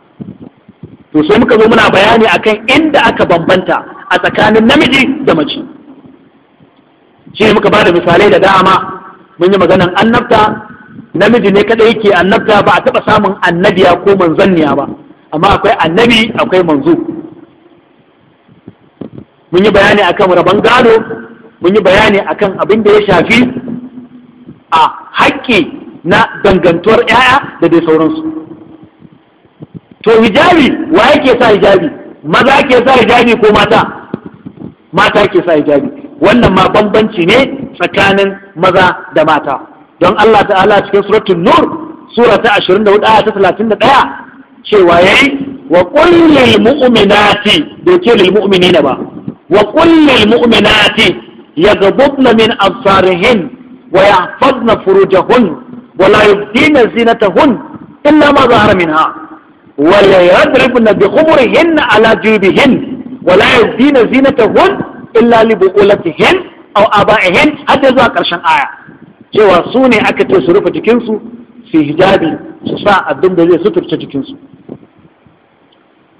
to sai muka zo muna bayani akan inda aka bambanta a tsakanin namiji da mace shi muka ba da misalai da dama mun yi maganan annabta namiji ne kada yake annabta ba a taɓa samun annabiya ko manzanniya ba amma akwai annabi akwai manzo mun yi bayani akan rabon gado mun yi bayani akan abin da ya shafi a haƙƙi na dangantuwar 'ya'ya da dai sauransu to hijabi wa yake sa hijabi maza ke sa hijabi ko mata mata ke sa hijabi wannan ma bambanci ne tsakanin maza da mata don Allah ta'ala cikin suratul nur sura ta 24 aya ta 31 cewa yayi wa qul lil mu'minati bai lil mu'minina ba wa qul lil mu'minati yaghdubna min absarihin wa yahfazna furujahun wa la yubdina zinatahun illa ma zahara minha wala yadribna bi khumurihin ala jubihin wala yazdina zinatahun illa li buqulatihin aw aba'ihin har da zuwa karshen aya cewa su ne aka ce su rufe jikinsu su hijabi su sa abin da zai suturce jikinsu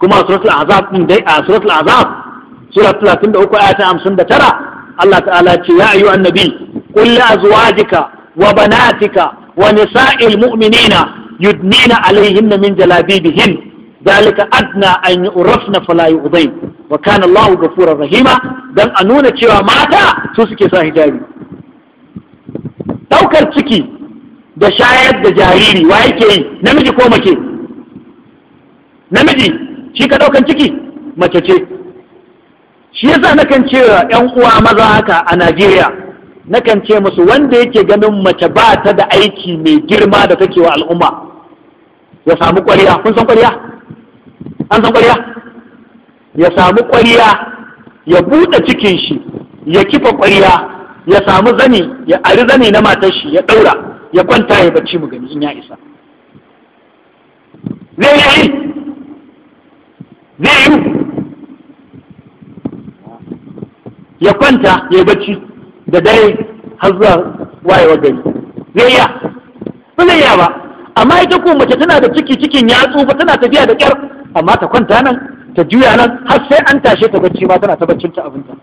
kuma suratul azab din dai a suratul azab sura 33 aya ta 59 Allah ta'ala ce ya ayu annabi qul li azwajika wa banatika wa nisa'il mu'minina yudnina alaihinna min jalabibihin zalika adna an yu'rafna fala ubai, wa kana Allahu ghafurur rahima don a nuna cewa mata su suke sa hijabi daukar ciki da shayar da jariri wa yake yi namiji ko mace namiji shi ka daukan ciki mace ce shi yasa nakan cewa yan uwa maza haka a Najeriya nakan ce musu wanda yake ganin mace ba ta da aiki mai girma da take wa al'umma ya samu ƙwariya kun san ƙwariya an san ƙwariya ya samu ƙwariya ya buɗe cikin shi ya kifa ƙwariya ya samu zani ya ari zani na matar shi ya ɗaura ya kwanta ya bacci mu gani in ya isa zai yi zai yi ya kwanta ya bacci da dare har zuwa wayewar gari zai iya ba zai iya ba amma ita ko mace tana da ciki cikin ya tsufa tana tafiya da kyar amma ta kwanta nan ta juya nan har sai an tashe ta bacci ma tana ta baccin ta abinta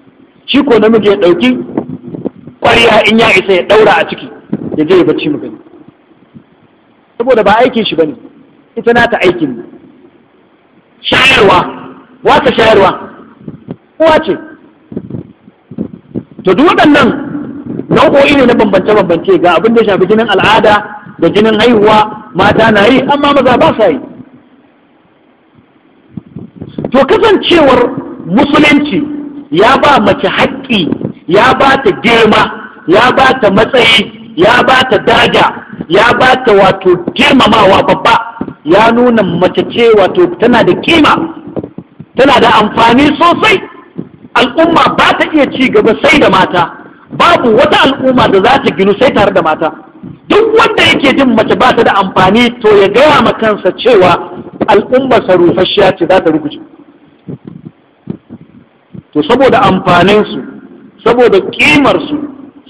shi ko namiji ya dauki kwariya in ya isa ya ɗaura a ciki ya je ya bacci mu gani saboda ba aikin shi bane ita nata aikin shayarwa wata shayarwa uwa ce to duk waɗannan nau'o'i ne na bambance-bambance ga abin da shafi jinin al'ada da jinin haihuwa mata na yi amma maza ba sa yi to kasancewar musulunci ya ba mace haƙƙi ya ba ta girma ya ba ta matsayi ya ba ta daga ya ba ta wato girmamawa babba ya nuna mace ce wato tana da kima tana da amfani sosai al'umma ba ta iya ci gaba sai da mata babu wata al'umma da za ta ginu sai tare da mata duk wanda yake jin mace ba ta da amfani to ya gaya ma kansa cewa al'ummar sarufashiya ce za ta rubuce to saboda amfaninsu saboda ƙimarsu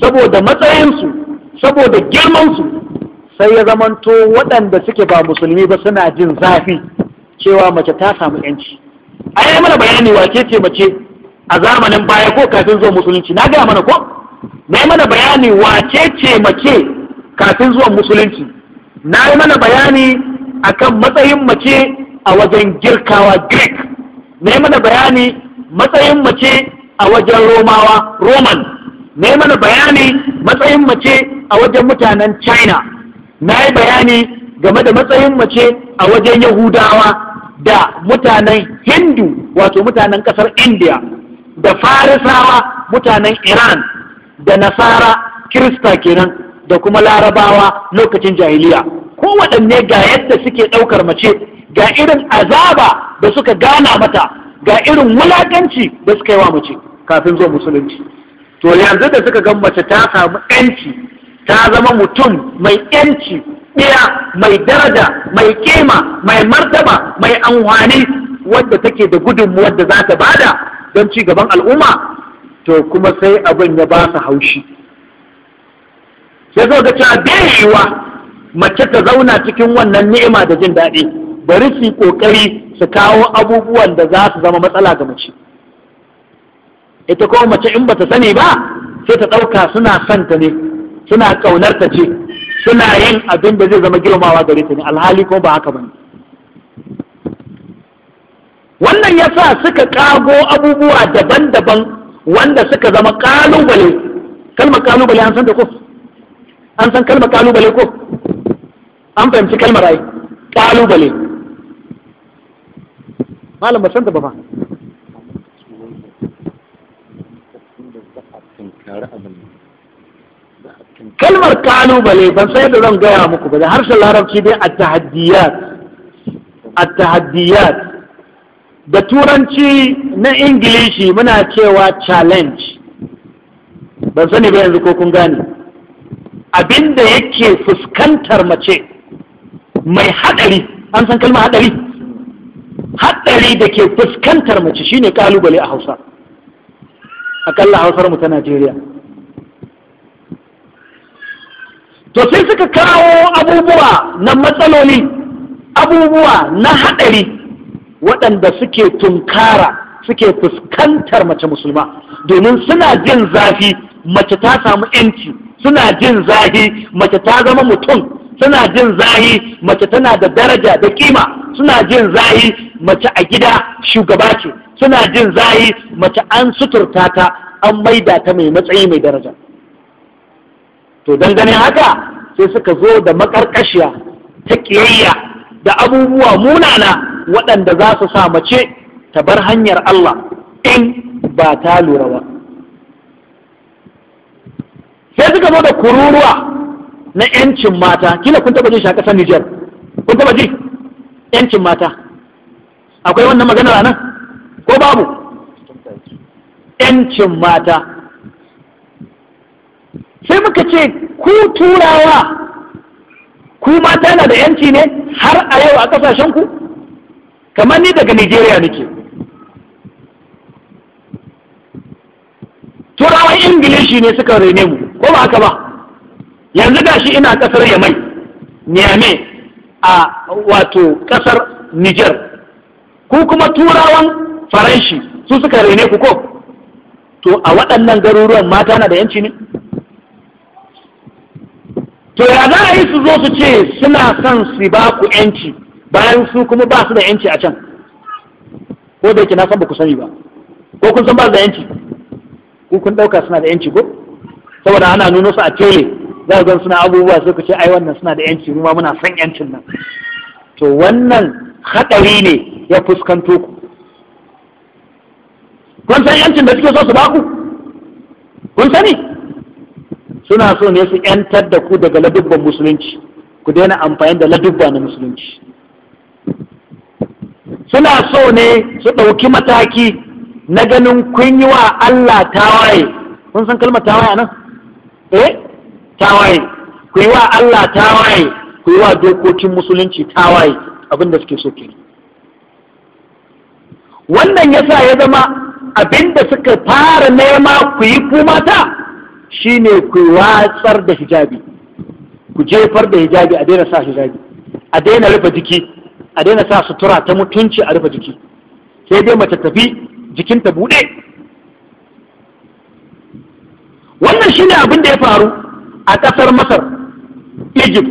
saboda matsayinsu saboda girmansu sai ya zamanto waɗanda suke ba musulmi ba suna jin zafi cewa mace ta samu yanci yi mana bayani wace ce mace a zamanin baya ko kafin zuwa musulunci na gaya mana ko na yi mana bayani wace ce mace kafin zuwa musulunci na yi mana bayani akan matsayin mace a wajen girkawa greek na yi mana bayani matsayin mace a wajen romawa roman na yi mana bayani matsayin mace a wajen mutanen china na yi bayani game da matsayin mace a wajen yahudawa da mutanen hindu wato mutanen kasar india da farisawa mutanen iran da nasara kirista kenan da kuma larabawa lokacin jahiliya kowaɗanne ga yadda suke ɗaukar mace ga irin azaba da suka gana mata ga irin wulaƙanci da suka yi wa mace kafin zuwa musulunci to yanzu da suka gan mace ta samu yanci ta zama mutum mai yanci ɗaya mai daraja mai kima mai martaba mai amfani wadda take da gudunmuwar da za ta bada don ci gaban al'umma to kuma sai abin ya ba su haushi sai zo ga cewa yiwuwa mace ta zauna cikin wannan ni'ima da jin daɗi bari su yi ƙoƙari su kawo abubuwan da za su zama matsala ga mace ita kuma mace in ba ta sani ba sai ta ɗauka suna son ta ne suna ƙaunar ta ce suna yin abin da zai zama girmawa gare ta ne alhali kuma ba haka ba ne. wannan ya sa suka ƙago abubuwa daban-daban wanda suka zama ƙalubale kalmar ƙalubale an san da ko an san kalmar ƙalubale ko an fahimci kalmar ai ƙalubale malam ba san da ba fa kalmar kalubale ban sai da zan gaya muku ba da harshen larabci dai a tahaddiyat a tahaddiyat da turanci na ingilishi muna cewa challenge ban sani ba yanzu ko kun gane abinda yake fuskantar mace mai haɗari an san kalma haɗari haɗari da ke fuskantar mace shine kalubale a hausa akalla hausar mu ta najeriya to sai suka kawo abubuwa na matsaloli abubuwa na haɗari waɗanda suke tunkara suke fuskantar mace musulma domin suna jin zafi mace ta samu yanci suna jin zafi mace ta zama mutum suna jin zafi mace tana da daraja da kima suna jin zafi mace a gida shugaba ce suna jin zafi mace an suturta ta an maida ta mai matsayi mai daraja to dangane haka sai suka zo da makarkashiya ta kiyayya da abubuwa munana waɗanda za su sa mace ta bar hanyar Allah in ba ta lura ba sai suka zo da kururuwa na yancin mata kila kun taɓa jin shi a ƙasar Nijar kun taɓa ji yancin mata akwai wannan magana nan ko babu yancin mata sai muka ce ku turawa ku mata na da yanci ne har a yau a kasashen ku kamar ni daga nigeria nake turawan ingilishi ne suka rene mu ko ba haka ba yanzu gashi ina kasar yamai niyame a wato ƙasar niger ku kuma turawan faranshi su suka rene ku ko to a waɗannan garuruwan mata na da yanci ne to ya za a yi su zo su ce suna son su ba ku yanci bayan su kuma ba su da yanci a can ko da yake na san ba ku sani ba ko kun san ba su da yanci ku kun ɗauka suna da yanci ko saboda ana nuno su a tele za zan suna abubuwa sai ku ce ai wannan suna da yanci mu muna son yancin nan to wannan haɗari ne ya fuskanto ku kun san yancin da suke so su ba ku kun sani suna so ne su yantar da ku daga ladubban musulunci ku daina amfani da ladubba na musulunci suna so ne su ɗauki mataki na ganin kun yi wa Allah tawaye kun san kalmar tawaye nan eh tawaye ku yi wa Allah tawaye ku yi wa dokokin musulunci tawaye abin da suke so ke wannan yasa ya zama abin da suka fara nema ku yi kuma ta Shi ne ku watsar da hijabi ku jefar da hijabi a daina sa hijabi a daina rufe jiki a daina sa sutura ta mutunci a rufe jiki sai dai mace tafi jikinta buɗe wannan shi ne abin da ya faru a ƙasar masar egypt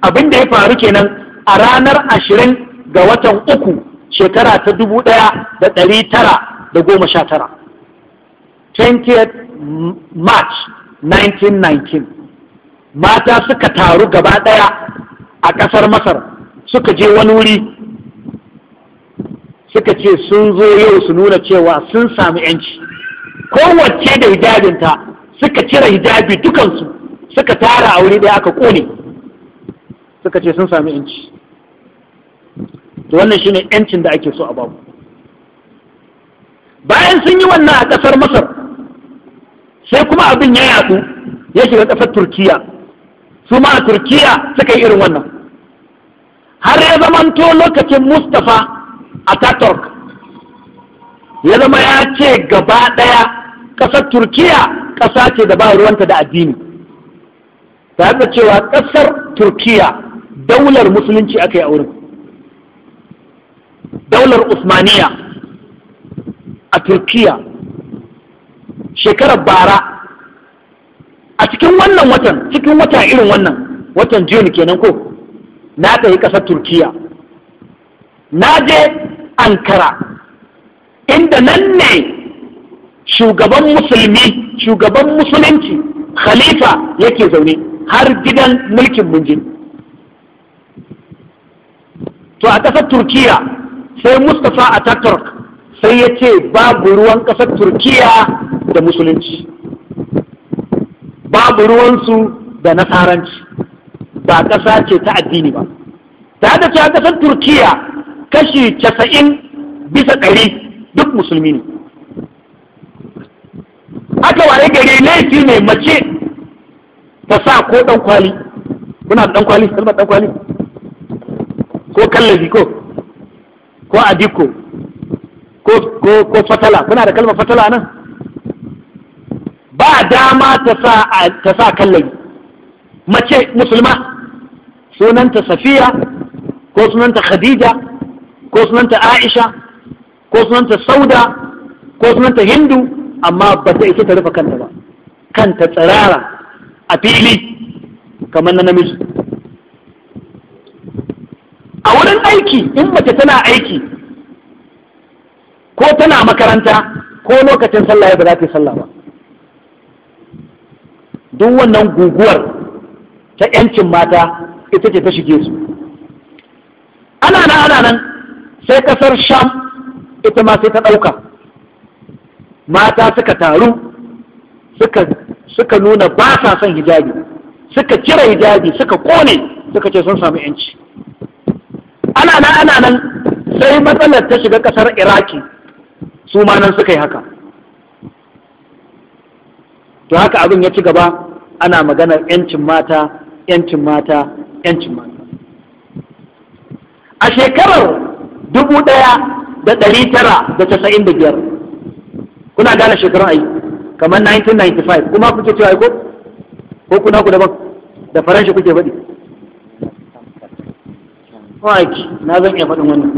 abin da ya faru kenan a ranar ashirin ga watan uku shekara ta dubu ɗaya da ɗari tara da goma sha tara 20th march 1919 mata suka taru gaba ɗaya a ƙasar masar suka je wani wuri suka ce sun zo yau su nuna cewa sun sami yanci kowace da hijabinta suka cire hijabi dukansu suka tara a wuri ɗaya aka ƙone suka ce sun sami yanci to wannan shine yancin da ake so a babu bayan sun yi wannan a ƙasar masar sai kuma abin ya yatsu ya shiga ƙasar turkiya su ma a turkiya suka yi irin wannan har ya zamanto lokacin mustapha a taturk ya zama ya ce gaba ɗaya ƙasar turkiya ƙasa ce da ba ruwanta da addini ta da cewa ƙasar turkiya daular musulunci aka yi a wurin daular usmaniya a turkiya shekarar bara a cikin wannan watan cikin wata irin wannan watan june kenan ko na tafi ƙasar turkiya na je ankara inda nan ne shugaban musulmi shugaban musulunci khalifa yake zaune har gidan mulkin munjin to a ƙasar turkiya sai mustapha a sai ya ce babu ruwan ƙasar turkiya da musulunci babu ruwansu da nasaranci ba ƙasa ce ta addini ba ta da cewa ƙasar turkiya kashi casa'in bisa ɗari duk musulmi ne aka ware gari laifi ne mace ta sa ko ɗan kwali kuna da ɗan kwali kalmar ɗan kwali ko kallabi ko ko adiko ko fatala kuna da kalmar fatala nan ba dama ta sa kallabi mace musulma sunanta safiya ko sunanta khadija ko sunanta aisha ko sunanta sauda ko sunanta hindu amma ba ta isa ta rufe kanta ba kanta tsirara a fili kamar na namiji a wurin aiki in mace tana aiki ko tana makaranta ko lokacin sallah ba za ta yi sallah ba duk wannan guguwar ta yancin mata ita ce ta shige su ana nan ana nan sai kasar sham ita ma sai ta ɗauka mata suka taru suka nuna ba sa son hijabi suka cire hijabi suka kone suka ce sun samu yanci ana nan ana nan sai matsalar ta shiga kasar iraki su ma nan suka yi haka to haka abin ya ci gaba ana maganar 'yancin mata 'yancin mata 'yancin mata a shekarar dubu ɗaya da ɗari tara da casa'in da biyar kuna gane shekarun ayi kamar 1995 kuma kuke cewa ko ko kuna ku daban da faranshi kuke faɗi aiki na zan iya faɗin wannan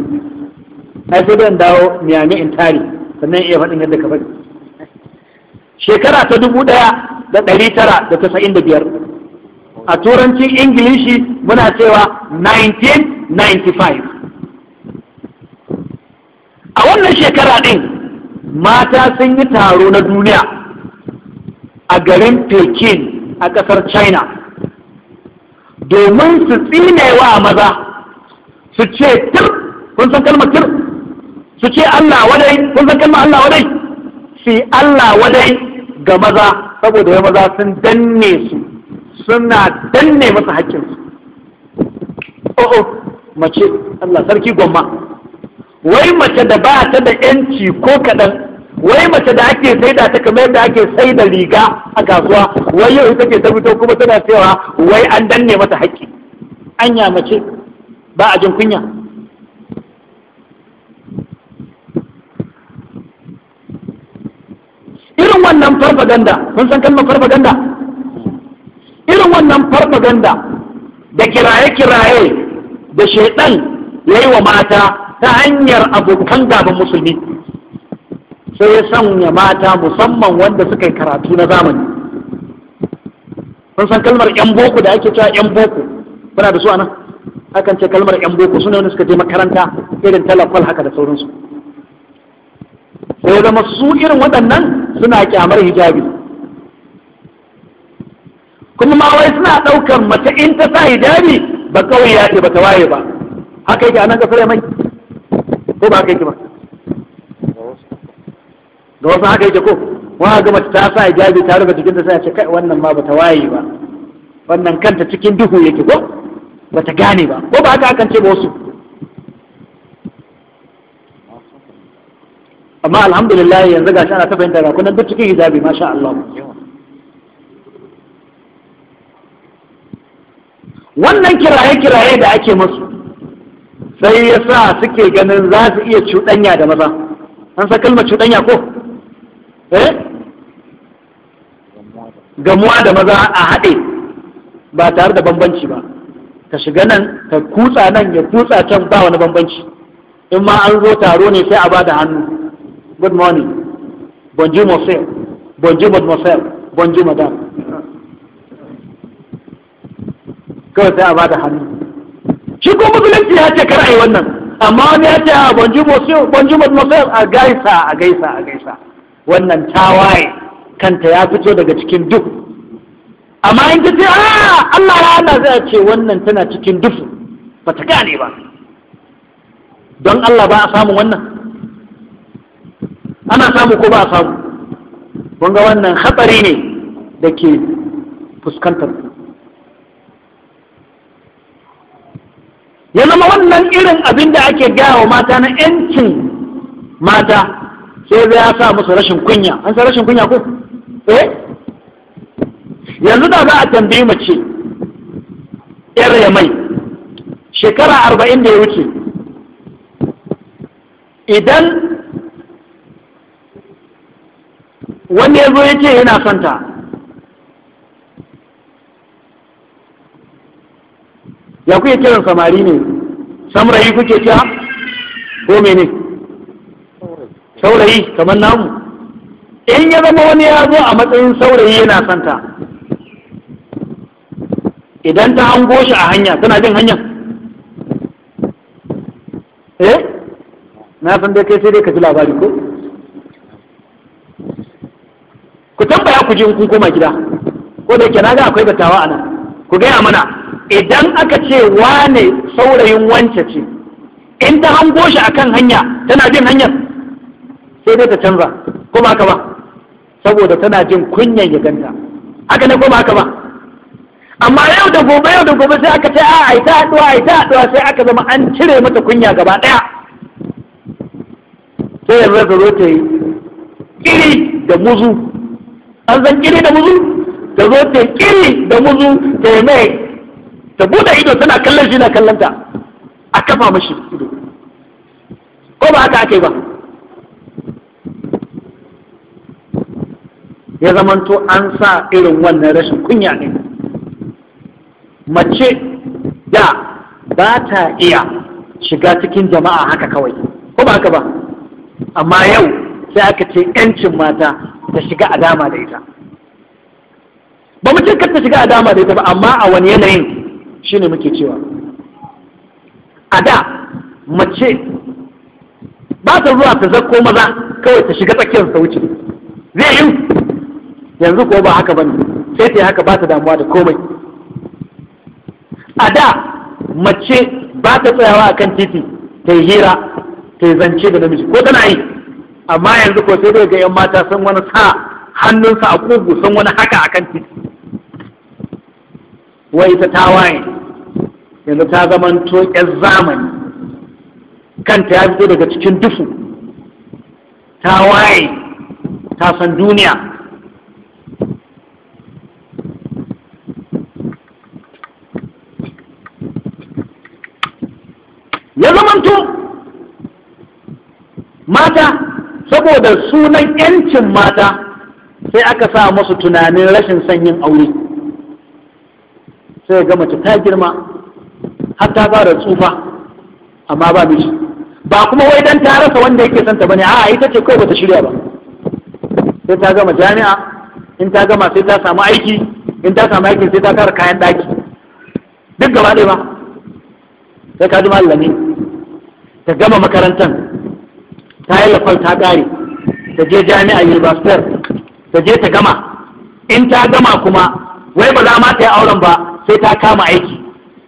ai sai zan dawo miami in tari sannan iya faɗin yadda ka faɗi shekara ta dubu ɗaya da ɗari tara da tasa'in da biyar a turancin ingilishi muna cewa 1995 a wannan shekara ɗin mata sun yi taro na duniya a garin pekin a ƙasar china domin su tsinewa maza su ce tir kun san kalmar tir su ce allah wadai kun san kalmar allah wadai su Allah wadai ga maza saboda ya maza sun danne su suna danne masa haƙƙinsu o'o mace Allah sarki gwamma wai mace da ba ta da yanci ko kaɗan wai mace da ake saida ta kamar da ake saida riga a kasuwa wai yau ita ke ta fito kuma tana cewa wai an danne mata haƙƙi anya mace ba a jin kunya irin wannan farfaganda mun san kalmar farfaganda irin wannan farfaganda da kiraye-kiraye da shaidan ya yi wa mata ta hanyar abokan gaban musulmi sai ya sanya mata musamman wanda suka yi karatu na zamani mun san kalmar yan boko da ake cewa yan boko Bana da su a nan ce kalmar yan boko suna wanda suka je makaranta irin talakwal haka da sauransu sai zama su irin waɗannan suna kyamar hijabi kuma ma wai suna ɗaukar mace in ta sa hijabi ba kawai ya ce ba ta waye ba haka yake a nan kasar yamai ko ba haka yake ba da wasu haka yake ko wa ga mace ta sa hijabi ta rufe jikinta sai a ce kai wannan ma ba ta waye ba wannan kanta cikin duhu yake ko ba ta gane ba ko ba haka akan ce ba wasu amma alhamdulillah yanzu gashi ana ta fahimta ga kunan duk cikin hijabi masha Allah wannan kiraye-kiraye da ake musu sai ya sa suke ganin za su iya cuɗanya da maza an sa kalmar cuɗanya ko eh gamuwa da maza a haɗe ba tare da bambanci ba ka shiga nan ka kutsa nan ya kutsa can ba wani bambanci in ma an zo taro ne sai a ba da hannu good morning, bonjour monsieur, bonjour mademoiselle, bonjour madame. Kawai sai a ba da hannu. Shi ko musulunci ya ce kar a yi wannan, amma wani ya ce a ah, bonjour monsieur, bonjour mademoiselle a gaisa, a gaisa, a gaisa. Wannan tawaye kanta ya fito daga cikin duk. Amma in ta ce, a ah, Allah ya hana zai ce wannan tana cikin dufu, ba ta gane ba. Don Allah ba a samun wannan. ana samu ko ba a samu ga wannan hatsari ne da ke fuskantar ya zama wannan irin abin da ake gaya wa mata na 'yancin mata sai zai ya sa musu rashin kunya an sa rashin kunya ko eh yanzu da za a tambayi mace yar ya mai shekara arba'in da ya wuce idan wani ya zo ya ce yana son ta ya kuke kiran samari ne samurai kuke cewa ko mene saurayi kamar namu in ya zama wani ya zo a matsayin saurayi yana son ta idan ta hango shi a hanya tana jin hanya eh na san dai kai sai dai ka ji labari ko ku je kun koma gida ko da yake na ga akwai dattawa a nan ku gaya mana idan aka ce wane saurayin wance ce in ta hango shi akan hanya tana jin hanyar sai dai ta canza ko ba ba saboda tana jin kunyar ya ganta haka ne ko ba ba amma yau da gobe yau da gobe sai aka ce a ai ta haduwa ai ta haduwa sai aka zama an cire mata kunya gaba ɗaya. sai yanzu ta zo ta yi iri da muzu an san kiri da muzu ta zo ta kiri da muzu ta yi mai ta buɗe ido tana kallon shi na kallonta a kafa mashi ido ko ba haka ake ba ya zamanto an sa irin wannan rashin kunya ne mace da ba ta iya shiga cikin jama'a haka kawai ko ba haka ba amma yau sai aka ce 'yancin mata ta shiga a dama da ita ba mu kar ta shiga a dama da ita ba amma a wani yanayin shine muke cewa a da mace ba ta zuwa ta zakko maza kawai ta shiga tsakiyar ta wuce zai yi yanzu ko ba haka bane sai ta haka ba ta damuwa da komai a da mace ba ta tsayawa kan titi ta yi hira ta yi zance da namiji ko tana yi amma yanzu ko sai dai ga yan mata sun wani sa hannunsa a kugu sun wani haka a kan titi wai ta tawaye yanzu ta zaman toƙen zamani kanta ya fito daga cikin dufu ta waye ta san duniya ya zamanto mata saboda sunan yancin mata sai aka sa musu tunanin rashin sanyin aure sai ga mace ta girma har ta fara tsufa amma ba miji ba kuma wai dan ta rasa wanda yake santa bane a'a ita ce ba bata shirya ba sai ta gama jami'a in ta gama sai ta samu aiki in ta samu aikin sai ta fara kayan daki duk gaba ɗaya ba sai ka ji malami ta gama makarantar ta yi lafal ta ƙare ta je jami'a universitar ta je ta gama in ta gama kuma wai ba za ma ta yi auren ba sai ta kama aiki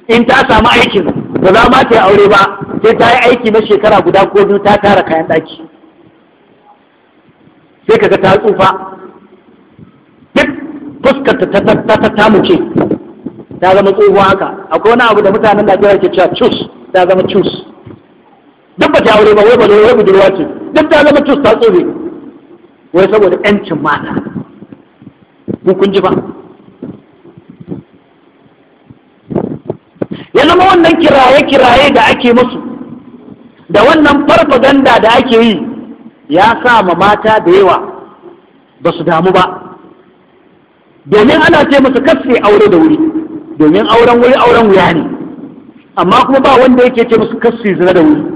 in ta samu aikin ba za ma ta yi aure ba sai ta yi aiki na shekara guda ko biyu ta tara kayan ɗaki sai ka ga ta tsufa duk fuskarta ta ta ta ta muke ta zama tsohuwa haka akwai wani abu da mutanen Najeriya ke cewa cus ta zama cus duk ba ta aure ba wai ba zai wai budurwa ce duk ta zama cus ta tsore wai saboda ƴancin mata ku kun ji ba ya zama wannan kiraye-kiraye da ake musu da wannan farfaganda da ake yi ya sa ma mata da yawa ba su damu ba domin ana ce musu kasse aure da wuri domin auren wuri auren wuya ne amma kuma ba wanda yake ce musu kasse zina da wuri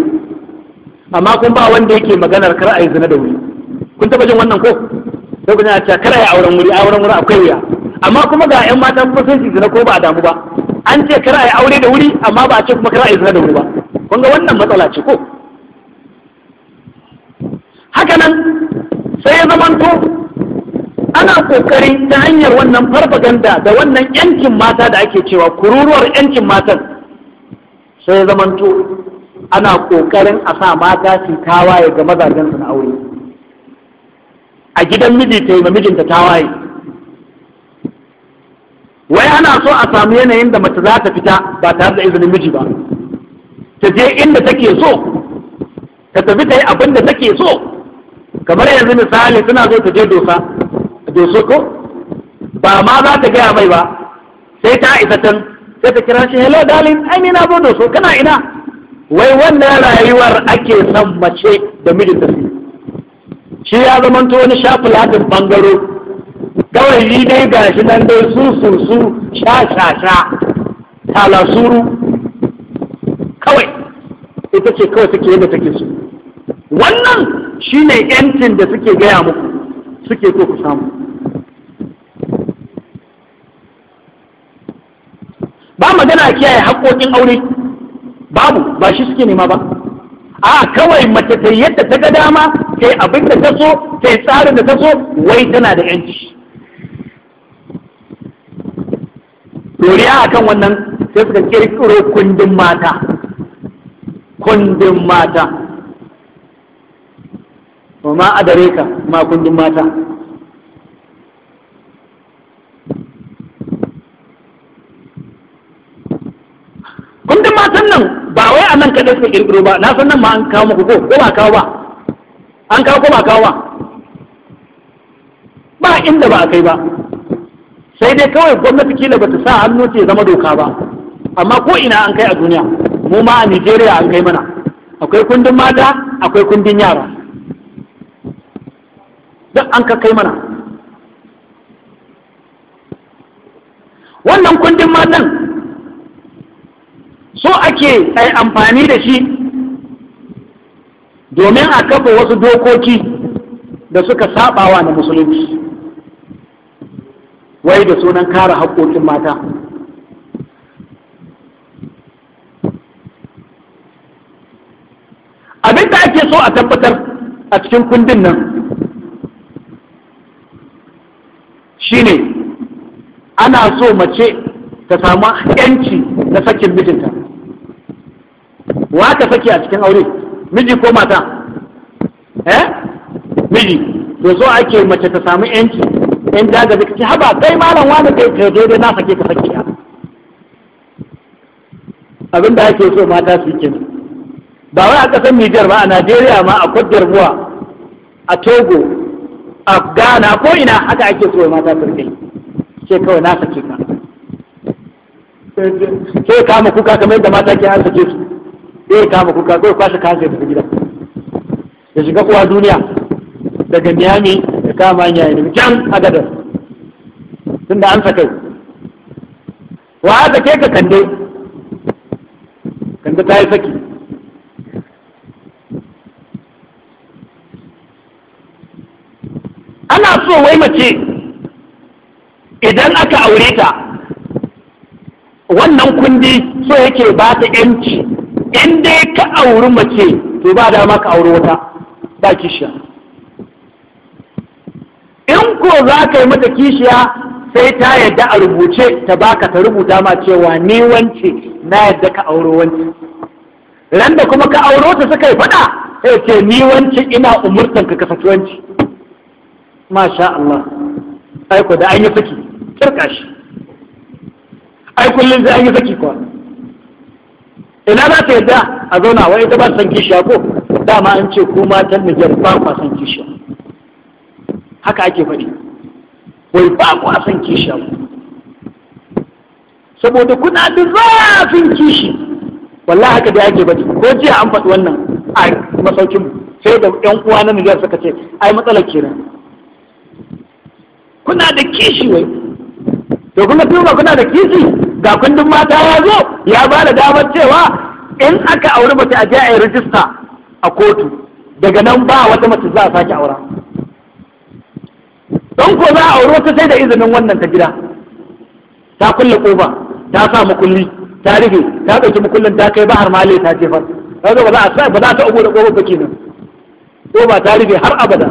amma kun ba wanda yake maganar kar a yi zina da wuri kun taba jin wannan ko sai kun ce kar a yi auren wuri auren wuri akwai wuya amma kuma ga yan matan kuma zina ko ba a damu ba an ce kar a yi aure da wuri amma ba a ce kuma kar a yi zina da wuri ba kun ga wannan matsala ce ko haka nan sai ya zamanto ana kokari ta hanyar wannan farfaganda da wannan yankin mata da ake cewa kururuwar yankin matan sai ya zamanto ana ƙoƙarin a sa mata su tawaye ga mazajensu na aure a gidan miji ta yi mijinta tawaye wai ana so a samu yanayin da mace za ta fita ba tare da izinin miji ba ta je inda take so ta tafi ta yi abin da take so kamar yanzu misali suna zo ta je dosa doso ko ba ma za ta gaya mai ba sai ta isa can sai ta kira shi hello darling ai ni na zo doso kana ina wai wannan rayuwar ake son mace da mijinta su shi ya zamanto wani shafulatin bangaro kawai yi dai shi nan dai su su su sha sha sha talasuru kawai ita ce kawai suke yadda take su wannan shi ne yancin da suke gaya muku suke ko ku samu ba magana kiyaye haƙoƙin aure babu ba shi suke nema ba a kawai mace ta yadda ta ga dama ta yi abin da ta so ta yi tsarin da ta so wai tana da yanci doriya a kan wannan sai suka kirkiro kundin mata kundin mata ma a dare ka ma kundin mata kundin matan nan ba wai a nan kaɗai suka ƙirƙiro ba na san nan ma an kawo muku ko ba kawo ba an kawo ko ba kawo ba ba inda ba a kai ba sai dai kawai gwamnati kila ta sa hannu ce zama doka ba amma ko ina an kai a duniya mu ma a Nigeria an kai mana akwai kundin mata akwai kundin yara duk an ka kai mana wannan kundin matan so ake ai amfani da shi domin a kafa wasu dokoki da suka sabawa na musulunci wai da sunan kare haƙoƙin mata abin da ake so a tabbatar a cikin kundin nan shine ana so mace ta samu 'yanci na sakin mijinta wa ka saki a cikin aure miji ko mata eh miji to so ake mace ta samu yanci in daga ga kace haba kai malam wani kai ka dai na sake ka sake abin da ake so mata su kenan ba wai a ƙasar Nijar ba a Najeriya ma a Cote d'Ivoire a Togo a Ghana ko ina haka ake so mata su rike ce kawai na sake ka sai kama kuka kamar yadda mata ke an sake su zai ya kama kuka zai kwashe kansa daga tafi gida ya shiga kowa duniya daga Miami ya kama hanya ya nufi can tun da an sakai wa haka ke ka kande kande ta yi saki ana so wai mace idan aka aure ta wannan kundi so yake ba ta 'yanci in dai ka auri mace to ba dama ka auri wata ba kishiya in ko za ka yi mata kishiya sai ta yadda a rubuce ta baka ta rubuta ma cewa ni wance na yadda ka auri wance ran da kuma ka auro ta suka yi faɗa sai ce ni wance ina umurtan ka kasance wance masha Allah aiko da an yi saki kirka shi ai kullum sai an yi saki kuwa ina za ta yadda a zauna wai ita ba san kishiya ko dama an ce ko matan Nijar ba kwa san kishiya haka ake faɗi wai ba kwa san kishiya saboda kuna da zafin kishi wallahi haka da ake faɗi ko jiya an faɗi wannan a masaukin sai da ƴan uwa na Nijar suka ce ai matsalar kenan kuna da kishi wai to kuma duk kuna da kishi ga kundin mata ya zo ya ba da damar cewa in aka auri mace a je a yi rijista a kotu daga nan ba wata mace za a sake aura don ko za a auri wata sai da izinin wannan ta gida ta kulle kofa ta sa mukulli ta rufe ta ɗauki mukullin ta kai bahar male ta jefar ba za a sa ba za ta ugo da kofar ba kenan kofa ta rufe har abada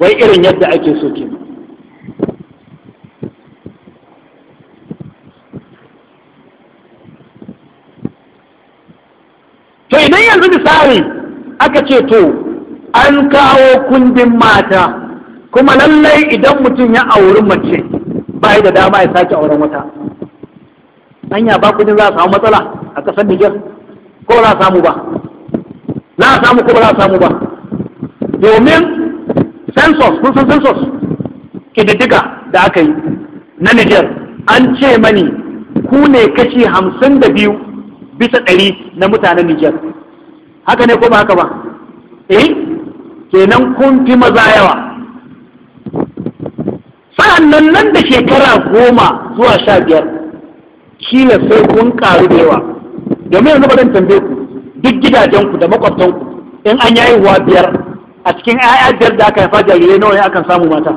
wai irin yadda ake so kenan to idan yanzu misali aka ce to an kawo kundin mata kuma lallai idan mutum ya auri mace ba da dama ya sake auren wata hanya ba kudin za a samu matsala a kasar Nijar ko za a samu ba za a samu ko ba za a samu ba domin census kun san census kididdiga da aka yi na Nijar an ce mani ku ne kashi hamsin da biyu bisa ɗari na mutanen Nijar haka ne ko ba haka ba eh kenan kun fi maza yawa Sa'an nan nan da shekara goma zuwa sha biyar ne sai kun ƙaru da yawa domin yanzu ba zan ku duk gidajenku da makwabtanku in an yayi wa biyar a cikin 'ya'ya biyar da aka haifa jarirai nawa ne akan samu mata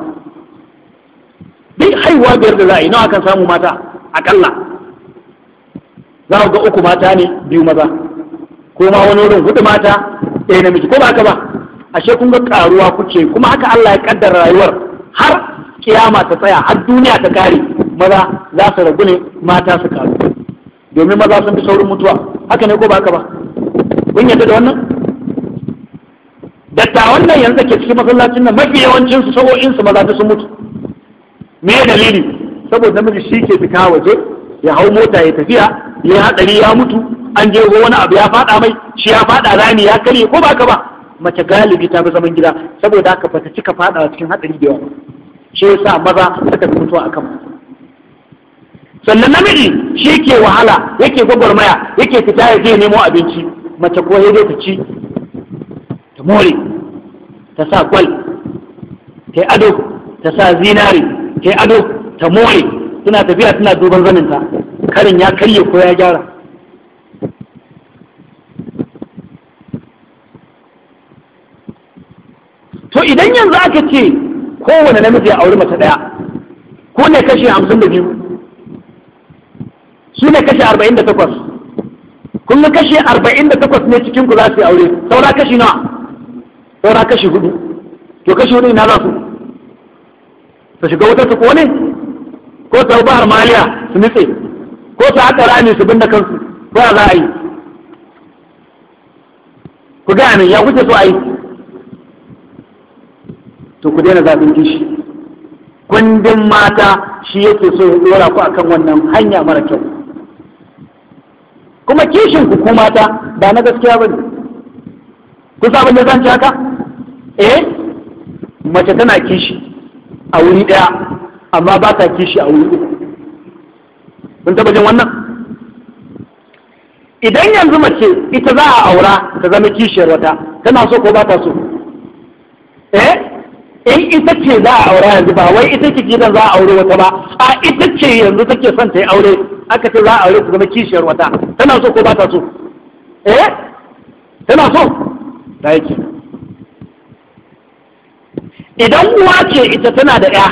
duk haihuwa biyar da za a yi nawa akan samu mata akalla za ku ga uku mata ne biyu maza ko ma wani wurin hudu mata ɗaya namiji ko ba haka ba ashe kun ga karuwa kuke kuma haka Allah ya kaddara rayuwar har kiyama ta tsaya har duniya ta kare maza za su ragu ne mata su karu domin maza sun fi saurin mutuwa haka ne ko ba haka ba kun yarda da wannan dattawan nan yanzu ke cikin masallacin nan mafi yawancin su sa'o'in su maza sun mutu me dalili saboda namiji shi ke fita waje ya hau mota ya tafiya ya haɗari ya mutu an je wani abu ya faɗa mai shi ya faɗa rani ya kare ko ba ka ba mace galibi ta fi zaman gida saboda haka fata cika faɗawa cikin haɗari da yawa shi yasa maza suka fi mutuwa akan sannan namiji shi ke wahala yake gwagwarmaya yake fita ya je nemo abinci mace ko ya ta ci ta more ta sa gwal ta ado ta sa zinari ta ado ta more suna tafiya suna duban zaninta karin ya karye ko ya gyara to idan yanzu aka ce kowane namiji ya auri mace ɗaya ko ne kashe hamsin da biyu su ne kashe arba'in da takwas kun ga kashe arba'in da takwas ne cikin ku za su yi aure saura kashi nawa saura kashi hudu to kashi hudu ina za su su shiga wutar su ko ne ko ta bahar maliya su nutse ko ta haka rami su binne kansu ko za a yi ku gaya min ya kuke so a yi to ku daina zafin kishi kundin mata shi yake so ya dora ku akan wannan hanya mara kyau kuma kishin ku ku mata ba na gaskiya ba ne ku sabon da zan haka eh mace tana kishi a wuri ɗaya amma ba ta kishi a wuri uku Mun taba jin wannan idan yanzu mace ita za a aura ta zama kishiyar wata tana so ko ba ta so eh in ita ce za a aura yanzu ba wai ita ce gidan za a aure wata ba a ita ce yanzu take son ta yi aure aka ce za a aure ta zama kishiyar wata tana so ko ba ta so eh tana so ta yake idan uwa ce ita tana da ya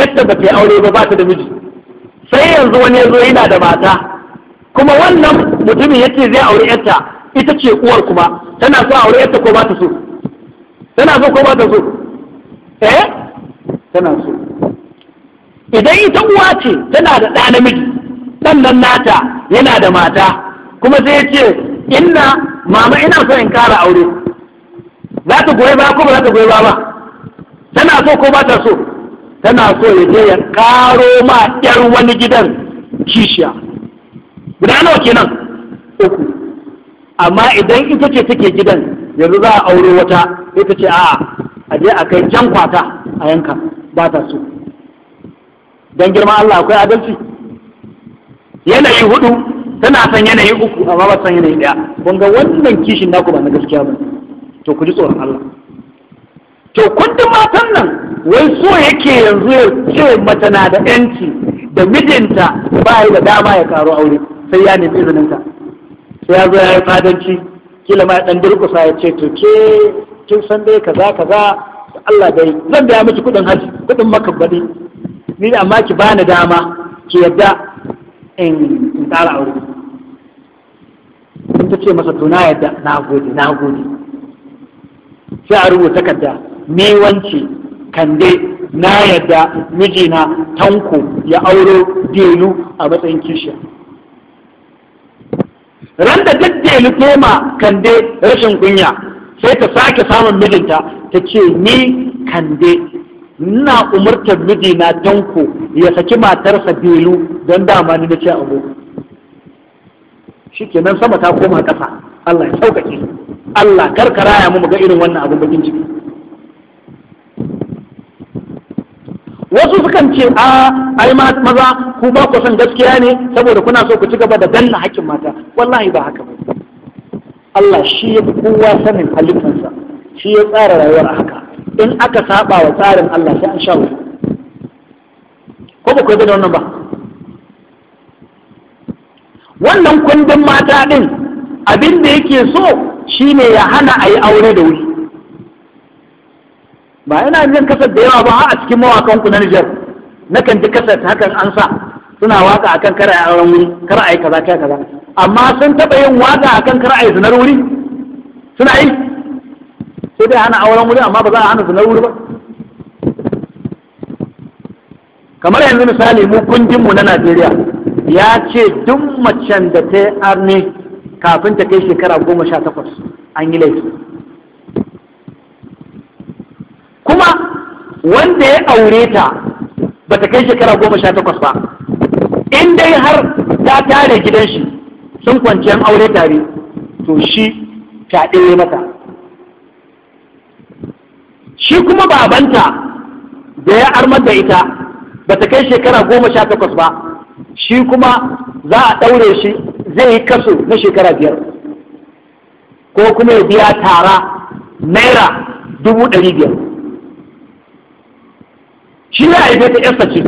yadda ba ta yi aure ba ba ta da miji sai yanzu wani ya zo yana da mata kuma wannan mutumin ya ce zai aure yarta ita ce uwar kuma tana so aure yarta ko ba ta so tana so ko ba ta so eh tana so idan ita uwa ce tana da ɗa namiji ɗan nan nata yana da mata kuma sai ya ce inna mama ina so in kara aure za ta goyi ba ko ba za ta goyi ba ba tana so ko ba ta so tana so ya je ya karo ma yar wani gidan kishiya guda nawa kenan uku amma idan ita ce take gidan yanzu za a aure wata ita ce a'a a je a kai jan kwata a yanka ba ta so don girma Allah akwai adalci yanayi hudu tana son yanayi uku amma ba san yanayi daya kun ga wannan kishin naku ba na gaskiya ba to ku ji tsoron Allah to kundin matan nan wai so yake yanzu ya ce mata na da yanci da mijinta ba da dama ya karo aure sai ya nemi izininta sai ya zo ya yi fadanci kila ma dan durkusa ya ce to ke kin san dai kaza kaza Allah dai zan biya miki kudin haji kudin makabbani ni da amma ki bani dama ki yadda in in tsara aure in ta ce masa to na yadda na gode na gode sai a rubuta kadda ni wance kande na yadda mijina tanko ya auro delu a matsayin kishiya ran da duk delu tema kande rashin kunya sai ta sake samun mijinta ta ce ni kande ina umartar mijina tanko ya saki matarsa delu don dama ni na ce abu shi kenan sama ta koma ƙasa Allah ya sauƙaƙe Allah karkara ya mu ga irin wannan abin bakin ciki wasu sukan ce a ai maza ku ba ku son gaskiya ne saboda kuna so ku ci gaba da danna hakkin mata wallahi ba haka ba Allah shi ya fi kowa sanin halittarsa shi ya tsara rayuwar haka in aka saba wa tsarin Allah sai an sha wuta ko ba ku da wannan ba wannan kundin mata din abin da yake so shine ya hana a yi aure da wuri ba yana jin kasar da yawa ba a cikin mawakan ku na Nijar kan ji kasar hakan an sa suna waka akan kar a auren wuri kar a yi kaza kai kaza amma sun taba yin waka akan kar a yi zinar wuri suna yi sai dai hana auren wuri amma ba za a hana zinar wuri ba kamar yanzu misali mu kundin mu na Najeriya ya ce duk macen da ta yi arne kafin ta kai shekara goma sha takwas an yi laifi kuma wanda ya aure ta ba ta kai shekara goma sha takwas ba in dai har ta tare gidan shi sun kwanciyar aure tare to shi ta ɗaya mata shi kuma babanta da ya armar da ita ba ta kai shekara goma sha takwas ba shi kuma za a ɗaure shi zai yi kaso na shekara biyar ko kuma ya biya tara naira dubu ɗari biyar shi ya yi ta yarsa ce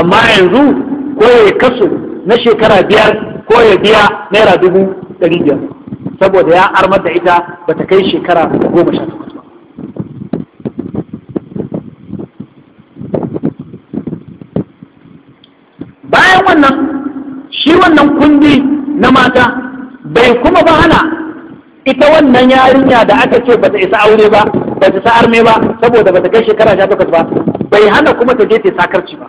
amma yanzu ko ya kaso na shekara biyar ko ya biya naira dubu ɗari biyar saboda ya armar da ita ba ta kai shekara goma sha takwas ba bayan wannan shi wannan kundi na mata bai kuma ba hana ita wannan yarinya da aka ce bata isa aure ba bata isa arme ba saboda bata kai shekara sha takwas ba bai hana kuma ta je ta sakarci ba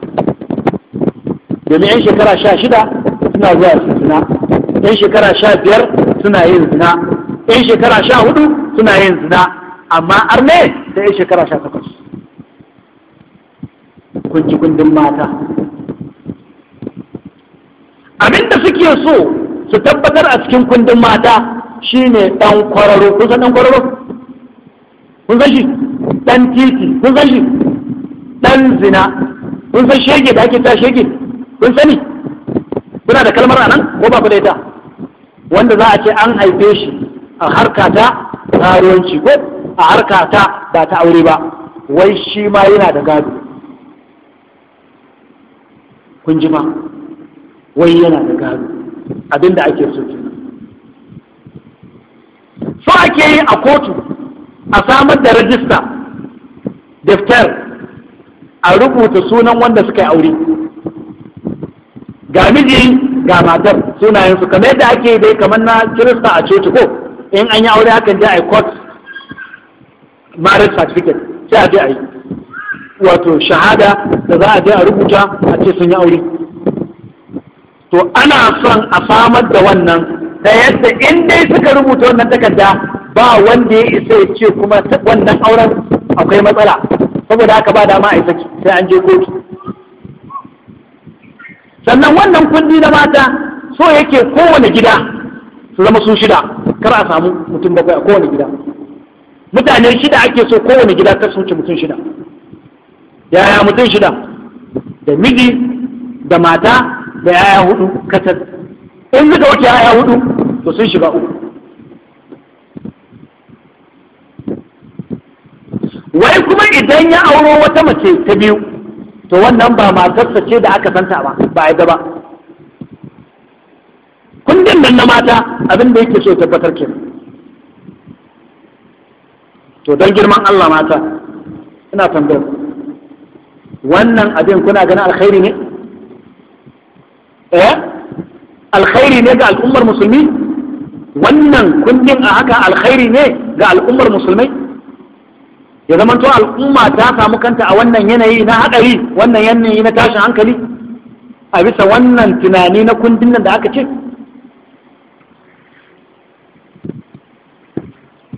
domin yan shekara sha shida suna zuwa su zina yan shekara sha biyar suna yin zina yan shekara sha hudu suna yin zina amma arne da yan shekara sha takwas kun ji kundin mata abinda suke so su tabbatar a cikin kundin mata shine dan kwararo kun san dan kwararo kun san shi dan titi kun san shi dan zina kun san shege da ake ta shege kun sani kuna da kalmar anan ko ba ku da ita wanda za a ce an haife shi a harka ta karuwanci ko a harka ta ba ta aure ba wai shi ma yana da gado kun ji ma wai yana da gado abinda ake so kenan so ake yi a kotu a samar da rajista daftar a rubuta sunan wanda suka yi aure ga miji ga matar sunayensu kamar yadda ake dai kamar na kirista a coci ko in an yi aure hakan je a court marriage certificate sai a je a yi wato shahada da za a je a rubuta a ce sun yi aure to ana son a samar da wannan da yadda in dai suka rubuta wannan takarda ba wanda ya isa ya ce kuma wannan auren akwai matsala saboda haka ba dama a saki sai an je kotu sannan wannan kundi na mata so yake kowane gida su zama su shida kar a samu mutum bakwai a kowane gida mutane shida ake so kowane gida kar su wuce mutum shida yaya mutum shida da miji da mata da yaya hudu katar in suka wuce yaya hudu to sun shiga uku wai kuma idan ya auro wata mace ta biyu to wannan ba matarsa ce da aka santa ba ba yadda ba kundin nan na mata abin da yake so tabbatar ke to don girman Allah mata ina tambayar wannan abin kuna ganin alkhairi ne eh alkhairi ne ga al'ummar musulmi wannan kundin a haka alkhairi ne ga al'ummar musulmai ya zama to al'umma ta samu kanta a wannan yanayi na haɗari wannan yanayi na tashin hankali a bisa wannan tunani na kundin nan da aka ce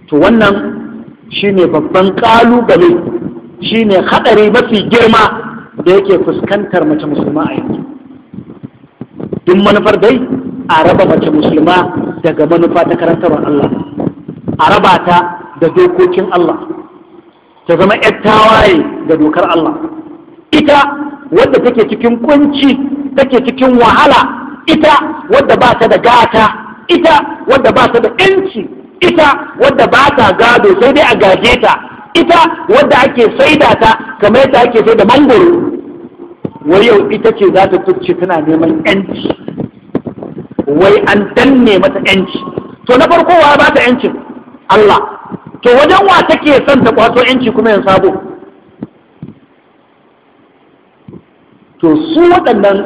to wannan shine babban ƙalubale shine haɗari mafi girma da yake fuskantar mace musulma a yanzu duk manufar dai a raba mace musulma daga manufa ta karantarwar Allah a raba ta da dokokin Allah ta zama yar tawaye ga dokar Allah ita wadda take cikin kunci take cikin wahala ita wadda ba ta da gata ita wadda ba ta da yanci ita wadda ba ta gado sai dai a gaje ta ita wadda ake saida ta kamar yadda ake saida mangoro wai yau ita ce za ta tubce tana neman yanci wai an danne mata yanci to na farko wa ba ta yancin Allah to wajen wa take son ta kwato yanci kuma yin sabo to su waɗannan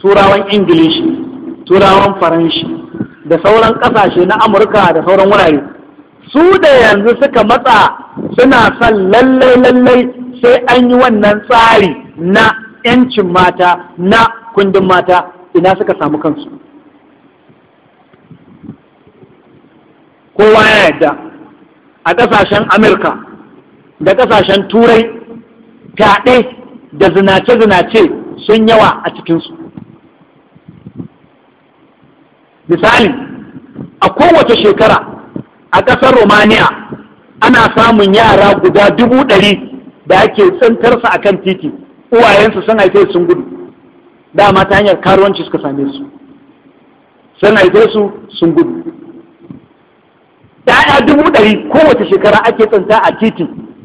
turawan ingilishi turawan faranshi da sauran ƙasashe na amurka da sauran wurare su da yanzu suka matsa suna son lallai lallai sai an yi wannan tsari na 'yancin mata na kundin mata ina suka samu kansu kowa ya yarda a ƙasashen amurka da ƙasashen turai fyaɗe da zinace-zinace sun yawa a cikinsu misali a kowace shekara a ƙasar romania ana samun yara guda dubu ɗari da ake tsantarsa a kan titi uwayensu sun haife sun gudu dama ta hanyar karuwanci suka same su sun haife su sun gudu ɗaya dubu ɗari kowace shekara ake tsinta a titi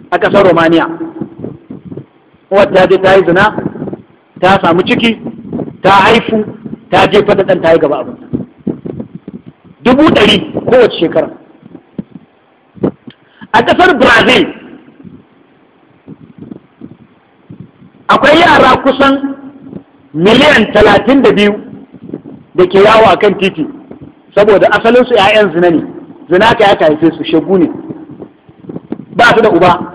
a ƙasar romania wadda je ta yi zina ta samu ciki ta haifu ta je fata ɗan ta yi gaba abin dubu ɗari kowace shekara a ƙasar brazil akwai yara kusan miliyan talatin da biyu da ke yawo a kan titi saboda asalinsu 'ya'yan zina ne zina ka ya haife su shagu ne ba su da uba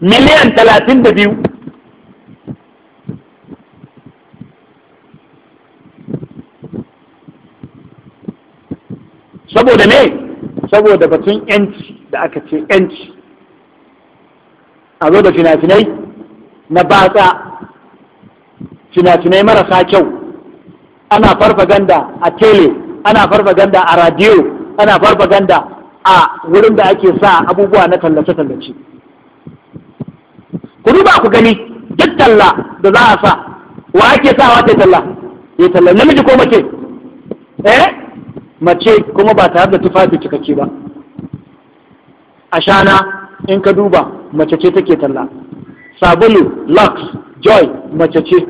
miliyan talatin da biyu saboda ne saboda batun yanci da aka ce yanci a zo da finafinai na batsa finafinai marasa kyau ana farfaganda a tele ana farfaganda a radiyo ana farfaganda a wurin da ake sa abubuwa na tallace-tallace ku duba ku gani duk talla da za a sa wa ake sawa ta talla ya talla namiji ko mace eh mace kuma ba tare da tufafi cikakke ba a shana in ka duba mace ce take talla sabulu lux joy mace ce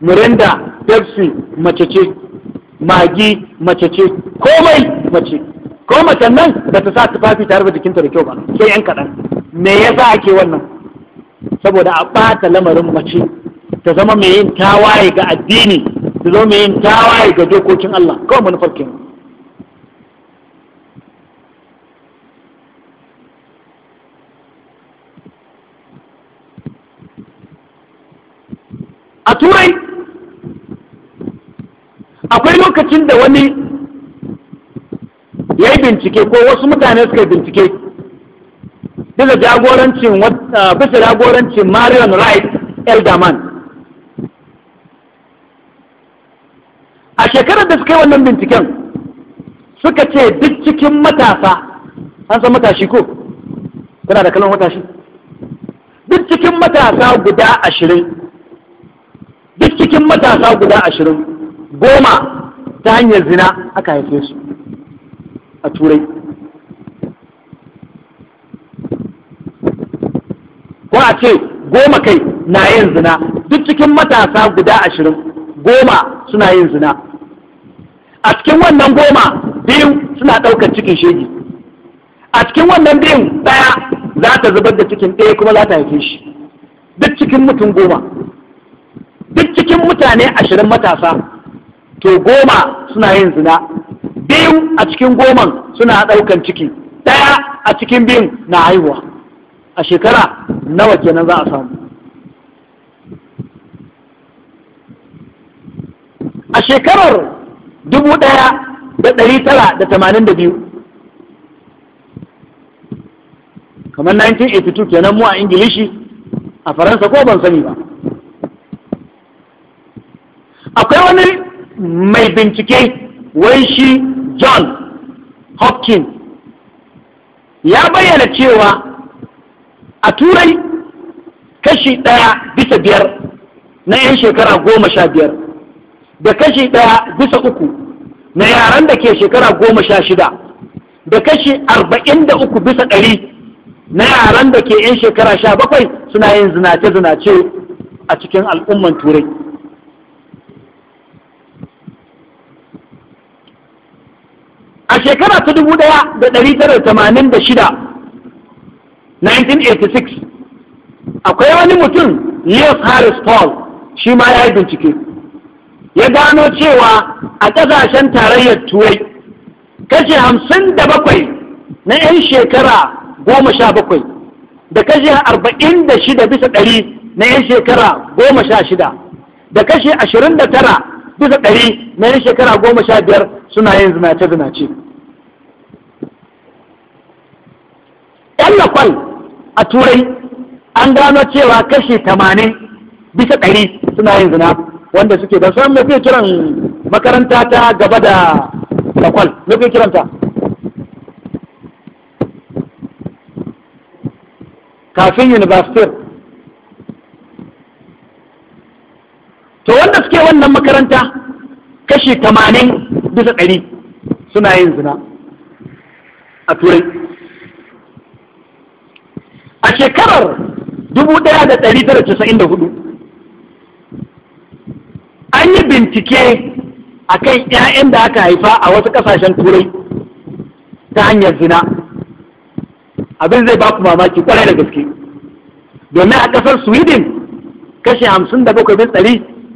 mirinda pepsi mace ce magi mace ce komai mace ko mace nan ba ta sa tufafi tare da jikinta da kyau ba sai yan kaɗan me yasa ake wannan saboda a bata lamarin mace ta zama mai yin tawaye ga addini ta zama mai yin tawaye ga dokokin Allah kawai manufar kenan a turai akwai lokacin da wani ya yi bincike ko wasu mutane suka yi bincike bisa jagorancin ah, bisa jagorancin marion wright elderman a shekarar da suka yi wannan binciken suka ce duk cikin matasa an san matashi ko kuna da kalmar matashi duk cikin matasa guda ashirin duk cikin matasa guda ashirin goma ta hanyar zina aka haife su a turai ko a ce goma kai na yin zina duk cikin matasa guda ashirin goma suna yin zina a cikin wannan goma biyu suna ɗaukar cikin shegi a cikin wannan biyun ɗaya za ta zubar da cikin ɗaya kuma za ta haife shi duk cikin mutum goma duk cikin mutane ashirin matasa to goma suna yin zina biyu a cikin goman suna ɗaukan ciki ɗaya a cikin biyun na haihuwa a shekara nawa kenan za a samu a shekarar dubu ɗaya da ɗari tara da tamanin da biyu kamar 1982 kenan mu a ingilishi a faransa ko ban sani ba akwai wani mai bincike wai shi john hopkins ya bayyana cewa a turai kashi ɗaya bisa biyar na 'yan shekara goma sha biyar da kashi ɗaya bisa uku na yaran da ke shekara goma sha shida da kashi arba'in da uku bisa ɗari na yaran da ke 'yan shekara sha bakwai suna yin zinace-zinace a cikin al'umman turai a shekara ta dubu ɗaya da ɗari tara tamanin da shida 1986 akwai wani mutum Leo Harris Paul shi ma ya yi bincike ya gano cewa a ƙasashen tarayyar turai kashe hamsin da bakwai na 'yan shekara goma sha bakwai da kashe arba'in da shida bisa ɗari na 'yan shekara goma sha shida da kashe ashirin da tara bisa ɗari na yin shekara goma sha biyar suna yin zinace-zinace yan lakwal a turai an gano cewa kashi tamanin bisa ɗari suna yin zina wanda suke ban san mafi kiran makaranta ta gaba da lakwal mafi kiranta kafin university to wanda buɗe wannan makaranta kashi tamanin bisa ɗari suna yin zina a turai a shekarar dubu ɗaya da ɗari tara casa'in da hudu an yi bincike a kan 'ya'yan da aka haifa a wasu ƙasashen turai ta hanyar zina abin zai ba ku mamaki kwarai da gaske domin a ƙasar sweden kashi hamsin da bakwai bin ɗari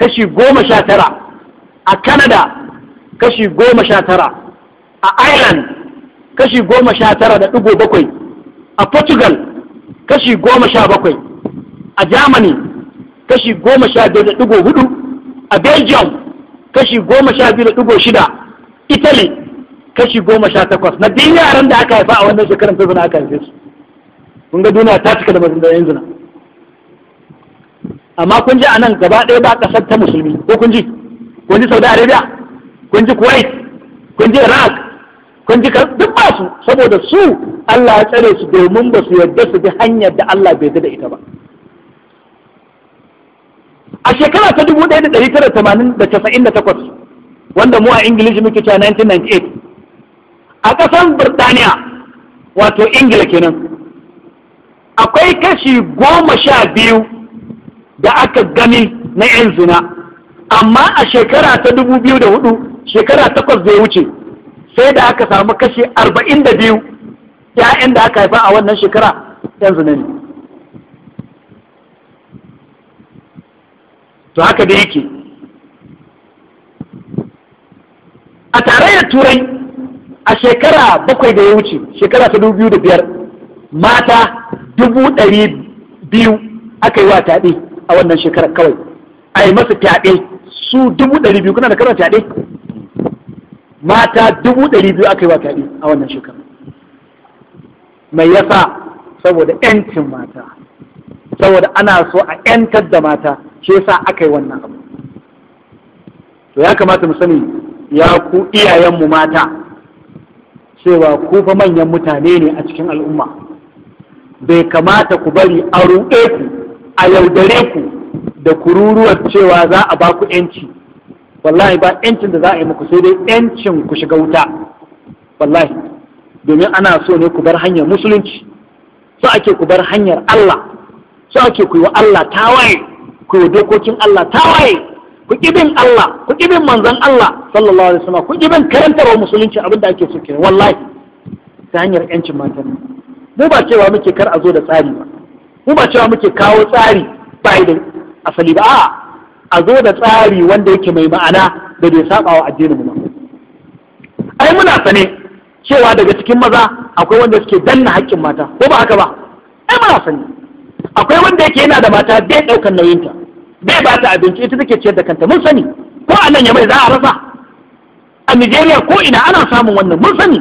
kashi goma sha tara a canada kashi goma sha tara a ireland kashi goma sha tara da ɗigo bakwai a portugal kashi goma sha bakwai a germany kashi goma sha biyu da ɗigo hudu a belgium kashi goma sha biyu da ɗigo shida italy kashi goma sha takwas na biyu yaran da aka haifa a wannan shekarar ta zana aka haife su kun ga duniya ta cika da mazin da yanzu na amma kun ji nan gaba ɗaya ba ƙasar ta musulmi ko kun ji kun ji saudi arabia kun ji kuwait kun ji iraq kun ji duk ba su saboda su allah ya tsare su domin ba su yarda su bi hanyar da allah bai da ita ba a shekara ta dubu ɗaya da ɗari tara tamanin da casa'in da takwas wanda mu a ingilishi muke cewa 1998 a ƙasar birtaniya wato ingila kenan akwai kashi goma sha biyu da aka gani na 'yan zina amma a shekara ta dubu biyu da hudu shekara takwas da ya wuce sai da aka samu kashi arba'in da biyu 'ya'yan da aka haifa a wannan shekara 'yan zina ne to haka da yake a tarayyar turai a shekara bakwai da ya wuce shekara ta dubu biyu da biyar mata dubu ɗari biyu aka yi wa taɗi a wannan shekarar kawai a yi masa fyaɗe su dubu ɗari biyu kuna da karar fyaɗe mata dubu ɗari biyu aka yi wa fyaɗe a wannan shekarar mai yasa saboda 'yancin mata saboda ana so a 'yantar da mata shi yasa aka yi wannan abu to ya kamata mu sani ya ku iyayenmu mata cewa ku fa manyan mutane ne a cikin al'umma bai kamata ku bari a ruɗe ku a yaudare ku da kururuwar cewa za a ba ku yanci wallahi ba yancin da za a yi muku sai dai yancin ku shiga wuta wallahi domin ana so ne ku bar hanyar musulunci so ake ku bar hanyar Allah so ake ku yi wa Allah tawaye ku yi dokokin Allah tawaye ku kibin Allah ku kibin manzon Allah sallallahu alaihi wasallam ku kibin karantarwa musulunci abinda ake so kenan wallahi ta hanyar yancin matan mu ba cewa muke kar a zo da tsari ba mu ba cewa muke kawo tsari ba da asali ba a zo da tsari wanda yake mai ma'ana da bai saba wa addinin mu ai muna sane cewa daga cikin maza akwai wanda suke danna haƙƙin mata ko ba haka ba ai muna sani akwai wanda yake yana da mata bai ɗaukar nauyinta bai ba ta abinci ita take ciyar da kanta mun sani ko a nan mai za a rasa a Nijeriya ko ina ana samun wannan mun sani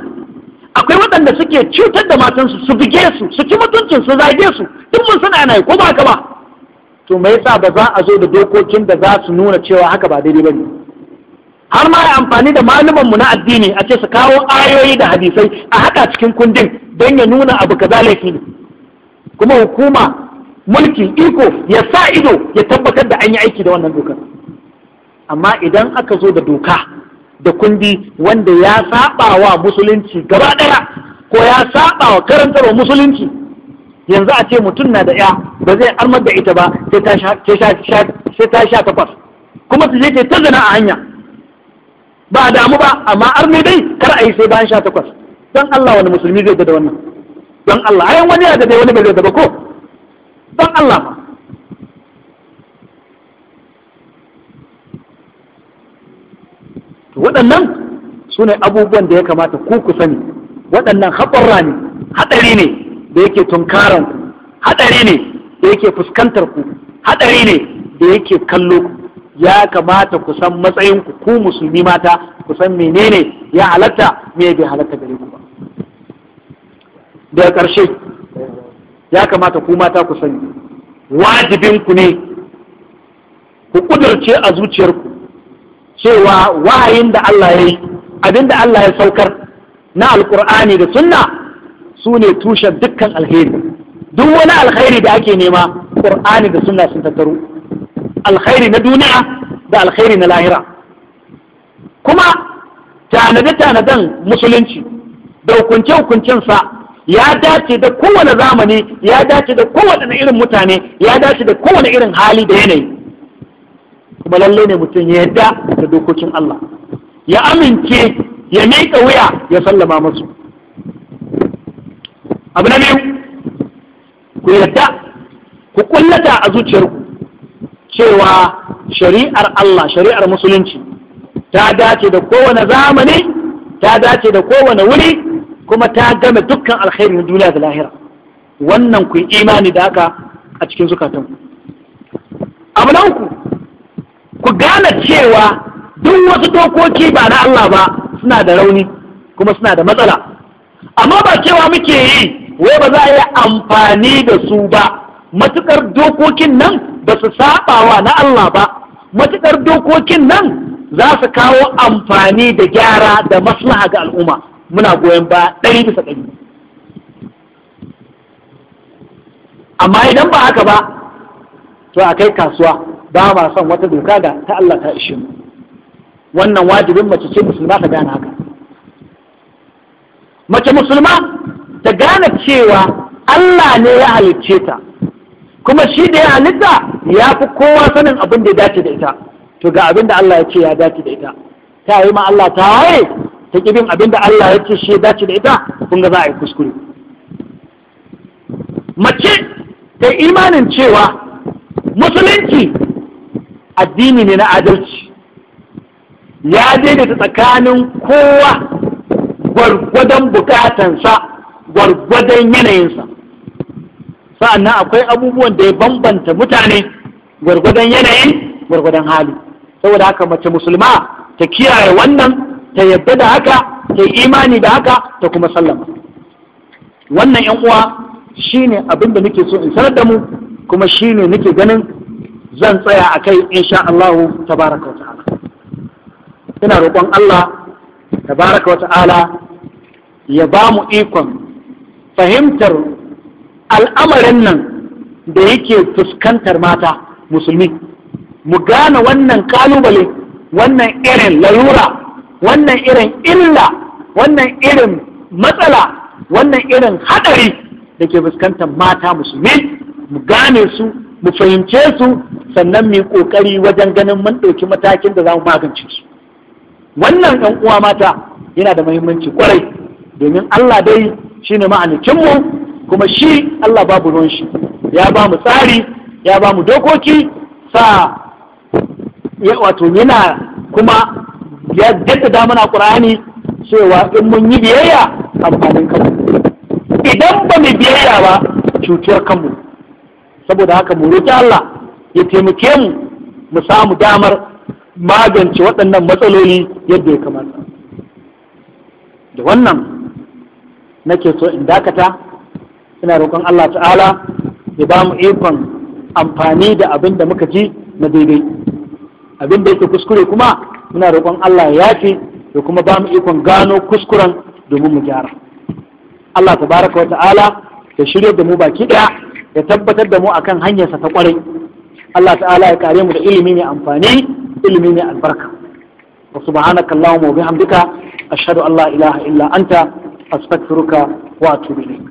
akwai waɗanda suke cutar da matansu su buge su su ci mutuncin su zage su duk mun suna yana ko ba haka ba to me yasa ba za a zo da dokokin da za su nuna cewa haka ba daidai bane har ma ya amfani da malumanmu na addini a ce su kawo ayoyi da hadisai a haka cikin kundin don ya nuna abu kaza laifi ne kuma hukuma mulki iko ya sa ido ya tabbatar da an yi aiki da wannan dokar amma idan aka zo da doka da kundi wanda ya saba wa musulunci gaba daya ko ya saba wa karantarwa musulunci yanzu a ce mutum na da ya ba zai armar da ita ba sai ta sha takwas kuma su je ta zina a hanya ba a damu ba amma arme dai kar a yi sai bayan sha takwas don Allah wani musulmi zai da wannan don Allah ayan wani ya da wani bai zai da ba ko don Allah waɗannan su ne abubuwan da ya kamata ku ku sani waɗannan haɓarra ne haɗari ne da yake tunkaran ku haɗari ne da yake fuskantar ku haɗari ne da yake kallo ku ya kamata ku san matsayin ku ku musulmi mata ku san menene ya halatta me bai halatta gare ku ba daga ƙarshe ya kamata ku mata ku sani wajibin ku ne ku ƙudurce a zuciyarku cewa wahayin da Allah ya yi abin da Allah ya saukar na alkur'ani da sunna su ne tushen dukkan alheri duk wani alkhairi da ake nema ƙur'ani da sunna sun tattaro alkhairi na duniya da alkhairi na lahira kuma tanade tanadan musulunci da hukunce-hukuncensa ya dace da kowane zamani ya dace da kowane irin mutane ya dace da kowane irin hali da yanayi kuma lalle ne mutum ya yadda da dokokin Allah ya amince ya miƙa wuya ya sallama masu abu na biyu ku yadda ku kullata a zuciyarku cewa shari'ar Allah shari'ar musulunci ta dace da kowane zamani ta dace da kowane wuri kuma ta game dukkan alkhairi na duniya da lahira wannan ku imani da haka a cikin zukatanku abu na uku ku gane cewa duk wasu dokoki ba na Allah ba suna da rauni kuma suna da matsala amma ba cewa muke yi wai ba za a yi amfani da su ba matukar dokokin nan ba su sabawa na Allah ba matukar dokokin nan za su kawo amfani da gyara da maslaha ga al'umma muna goyon ba ɗari bisa ɗari amma idan ba haka ba to a kai kasuwa ba ma son wata doka da ta Allah ta ishe mu wannan wajibin mace ce musulma ta gane haka mace musulma ta gane cewa Allah ne ya halicce ta kuma shi da ya halitta ya fi kowa sanin abin da ya dace da ita to ga abin da Allah ya ce ya dace da ita ta yi ma Allah ta waye ta kibin abin da Allah ya ce shi ya dace da ita kun ga za a yi kuskure mace ta imanin cewa musulunci addini ne na adalci ya daidaita tsakanin kowa gwargwadon bukatansa gwargwadon yanayinsa sa'annan akwai abubuwan da ya bambanta mutane gwargwadon yanayin gwargwadon hali saboda haka mace musulma ta kiyaye wannan ta yadda da haka ta yi imani da haka ta kuma sallama wannan yan uwa shine abin da nake so in sanar da mu kuma shine nake ganin zan tsaya a kai insha Allah tabaraka wa ta'ala ina roƙon Allah tabaraka wa ta'ala ya ba mu ikon fahimtar al'amarin nan da yake fuskantar mata musulmi mu gane wannan kalubale wannan irin lalura wannan irin illa wannan irin matsala wannan irin haɗari da ke fuskantar mata musulmi mu gane su mu fahimce su sannan mu yi kokari wajen ganin mun ɗauki matakin da za mu magance su wannan ɗan uwa mata yana da muhimmanci kwarai domin Allah dai shi ne ma'anikinmu kuma shi Allah babu ruwan shi ya ba mu tsari ya ba mu dokoki sa wato yana kuma ya jaddada mana ƙura'ani cewa in mun yi biyayya amfanin kanmu idan ba mu biyayya ba cutuwar kanmu saboda haka mu roƙi Allah ya taimake mu mu samu damar magance waɗannan matsaloli yadda ya kamata da wannan nake so in dakata ina roƙon Allah ta'ala ya ba mu ikon amfani da abin da muka ji na daidai abin da yake kuskure kuma muna roƙon Allah ya yafe da kuma ba mu ikon gano kuskuren domin mu gyara Allah tabaraka wa ta'ala ya shirya da mu baki ɗaya ya tabbatar da mu akan hanyarsa ta kwarai Allah ta'ala ya kare mu da ilimi mai amfani ilimi mai albarka wa subhanaka allahumma wa bihamdika ashhadu an la ilaha illa anta astaghfiruka wa atubu ilayk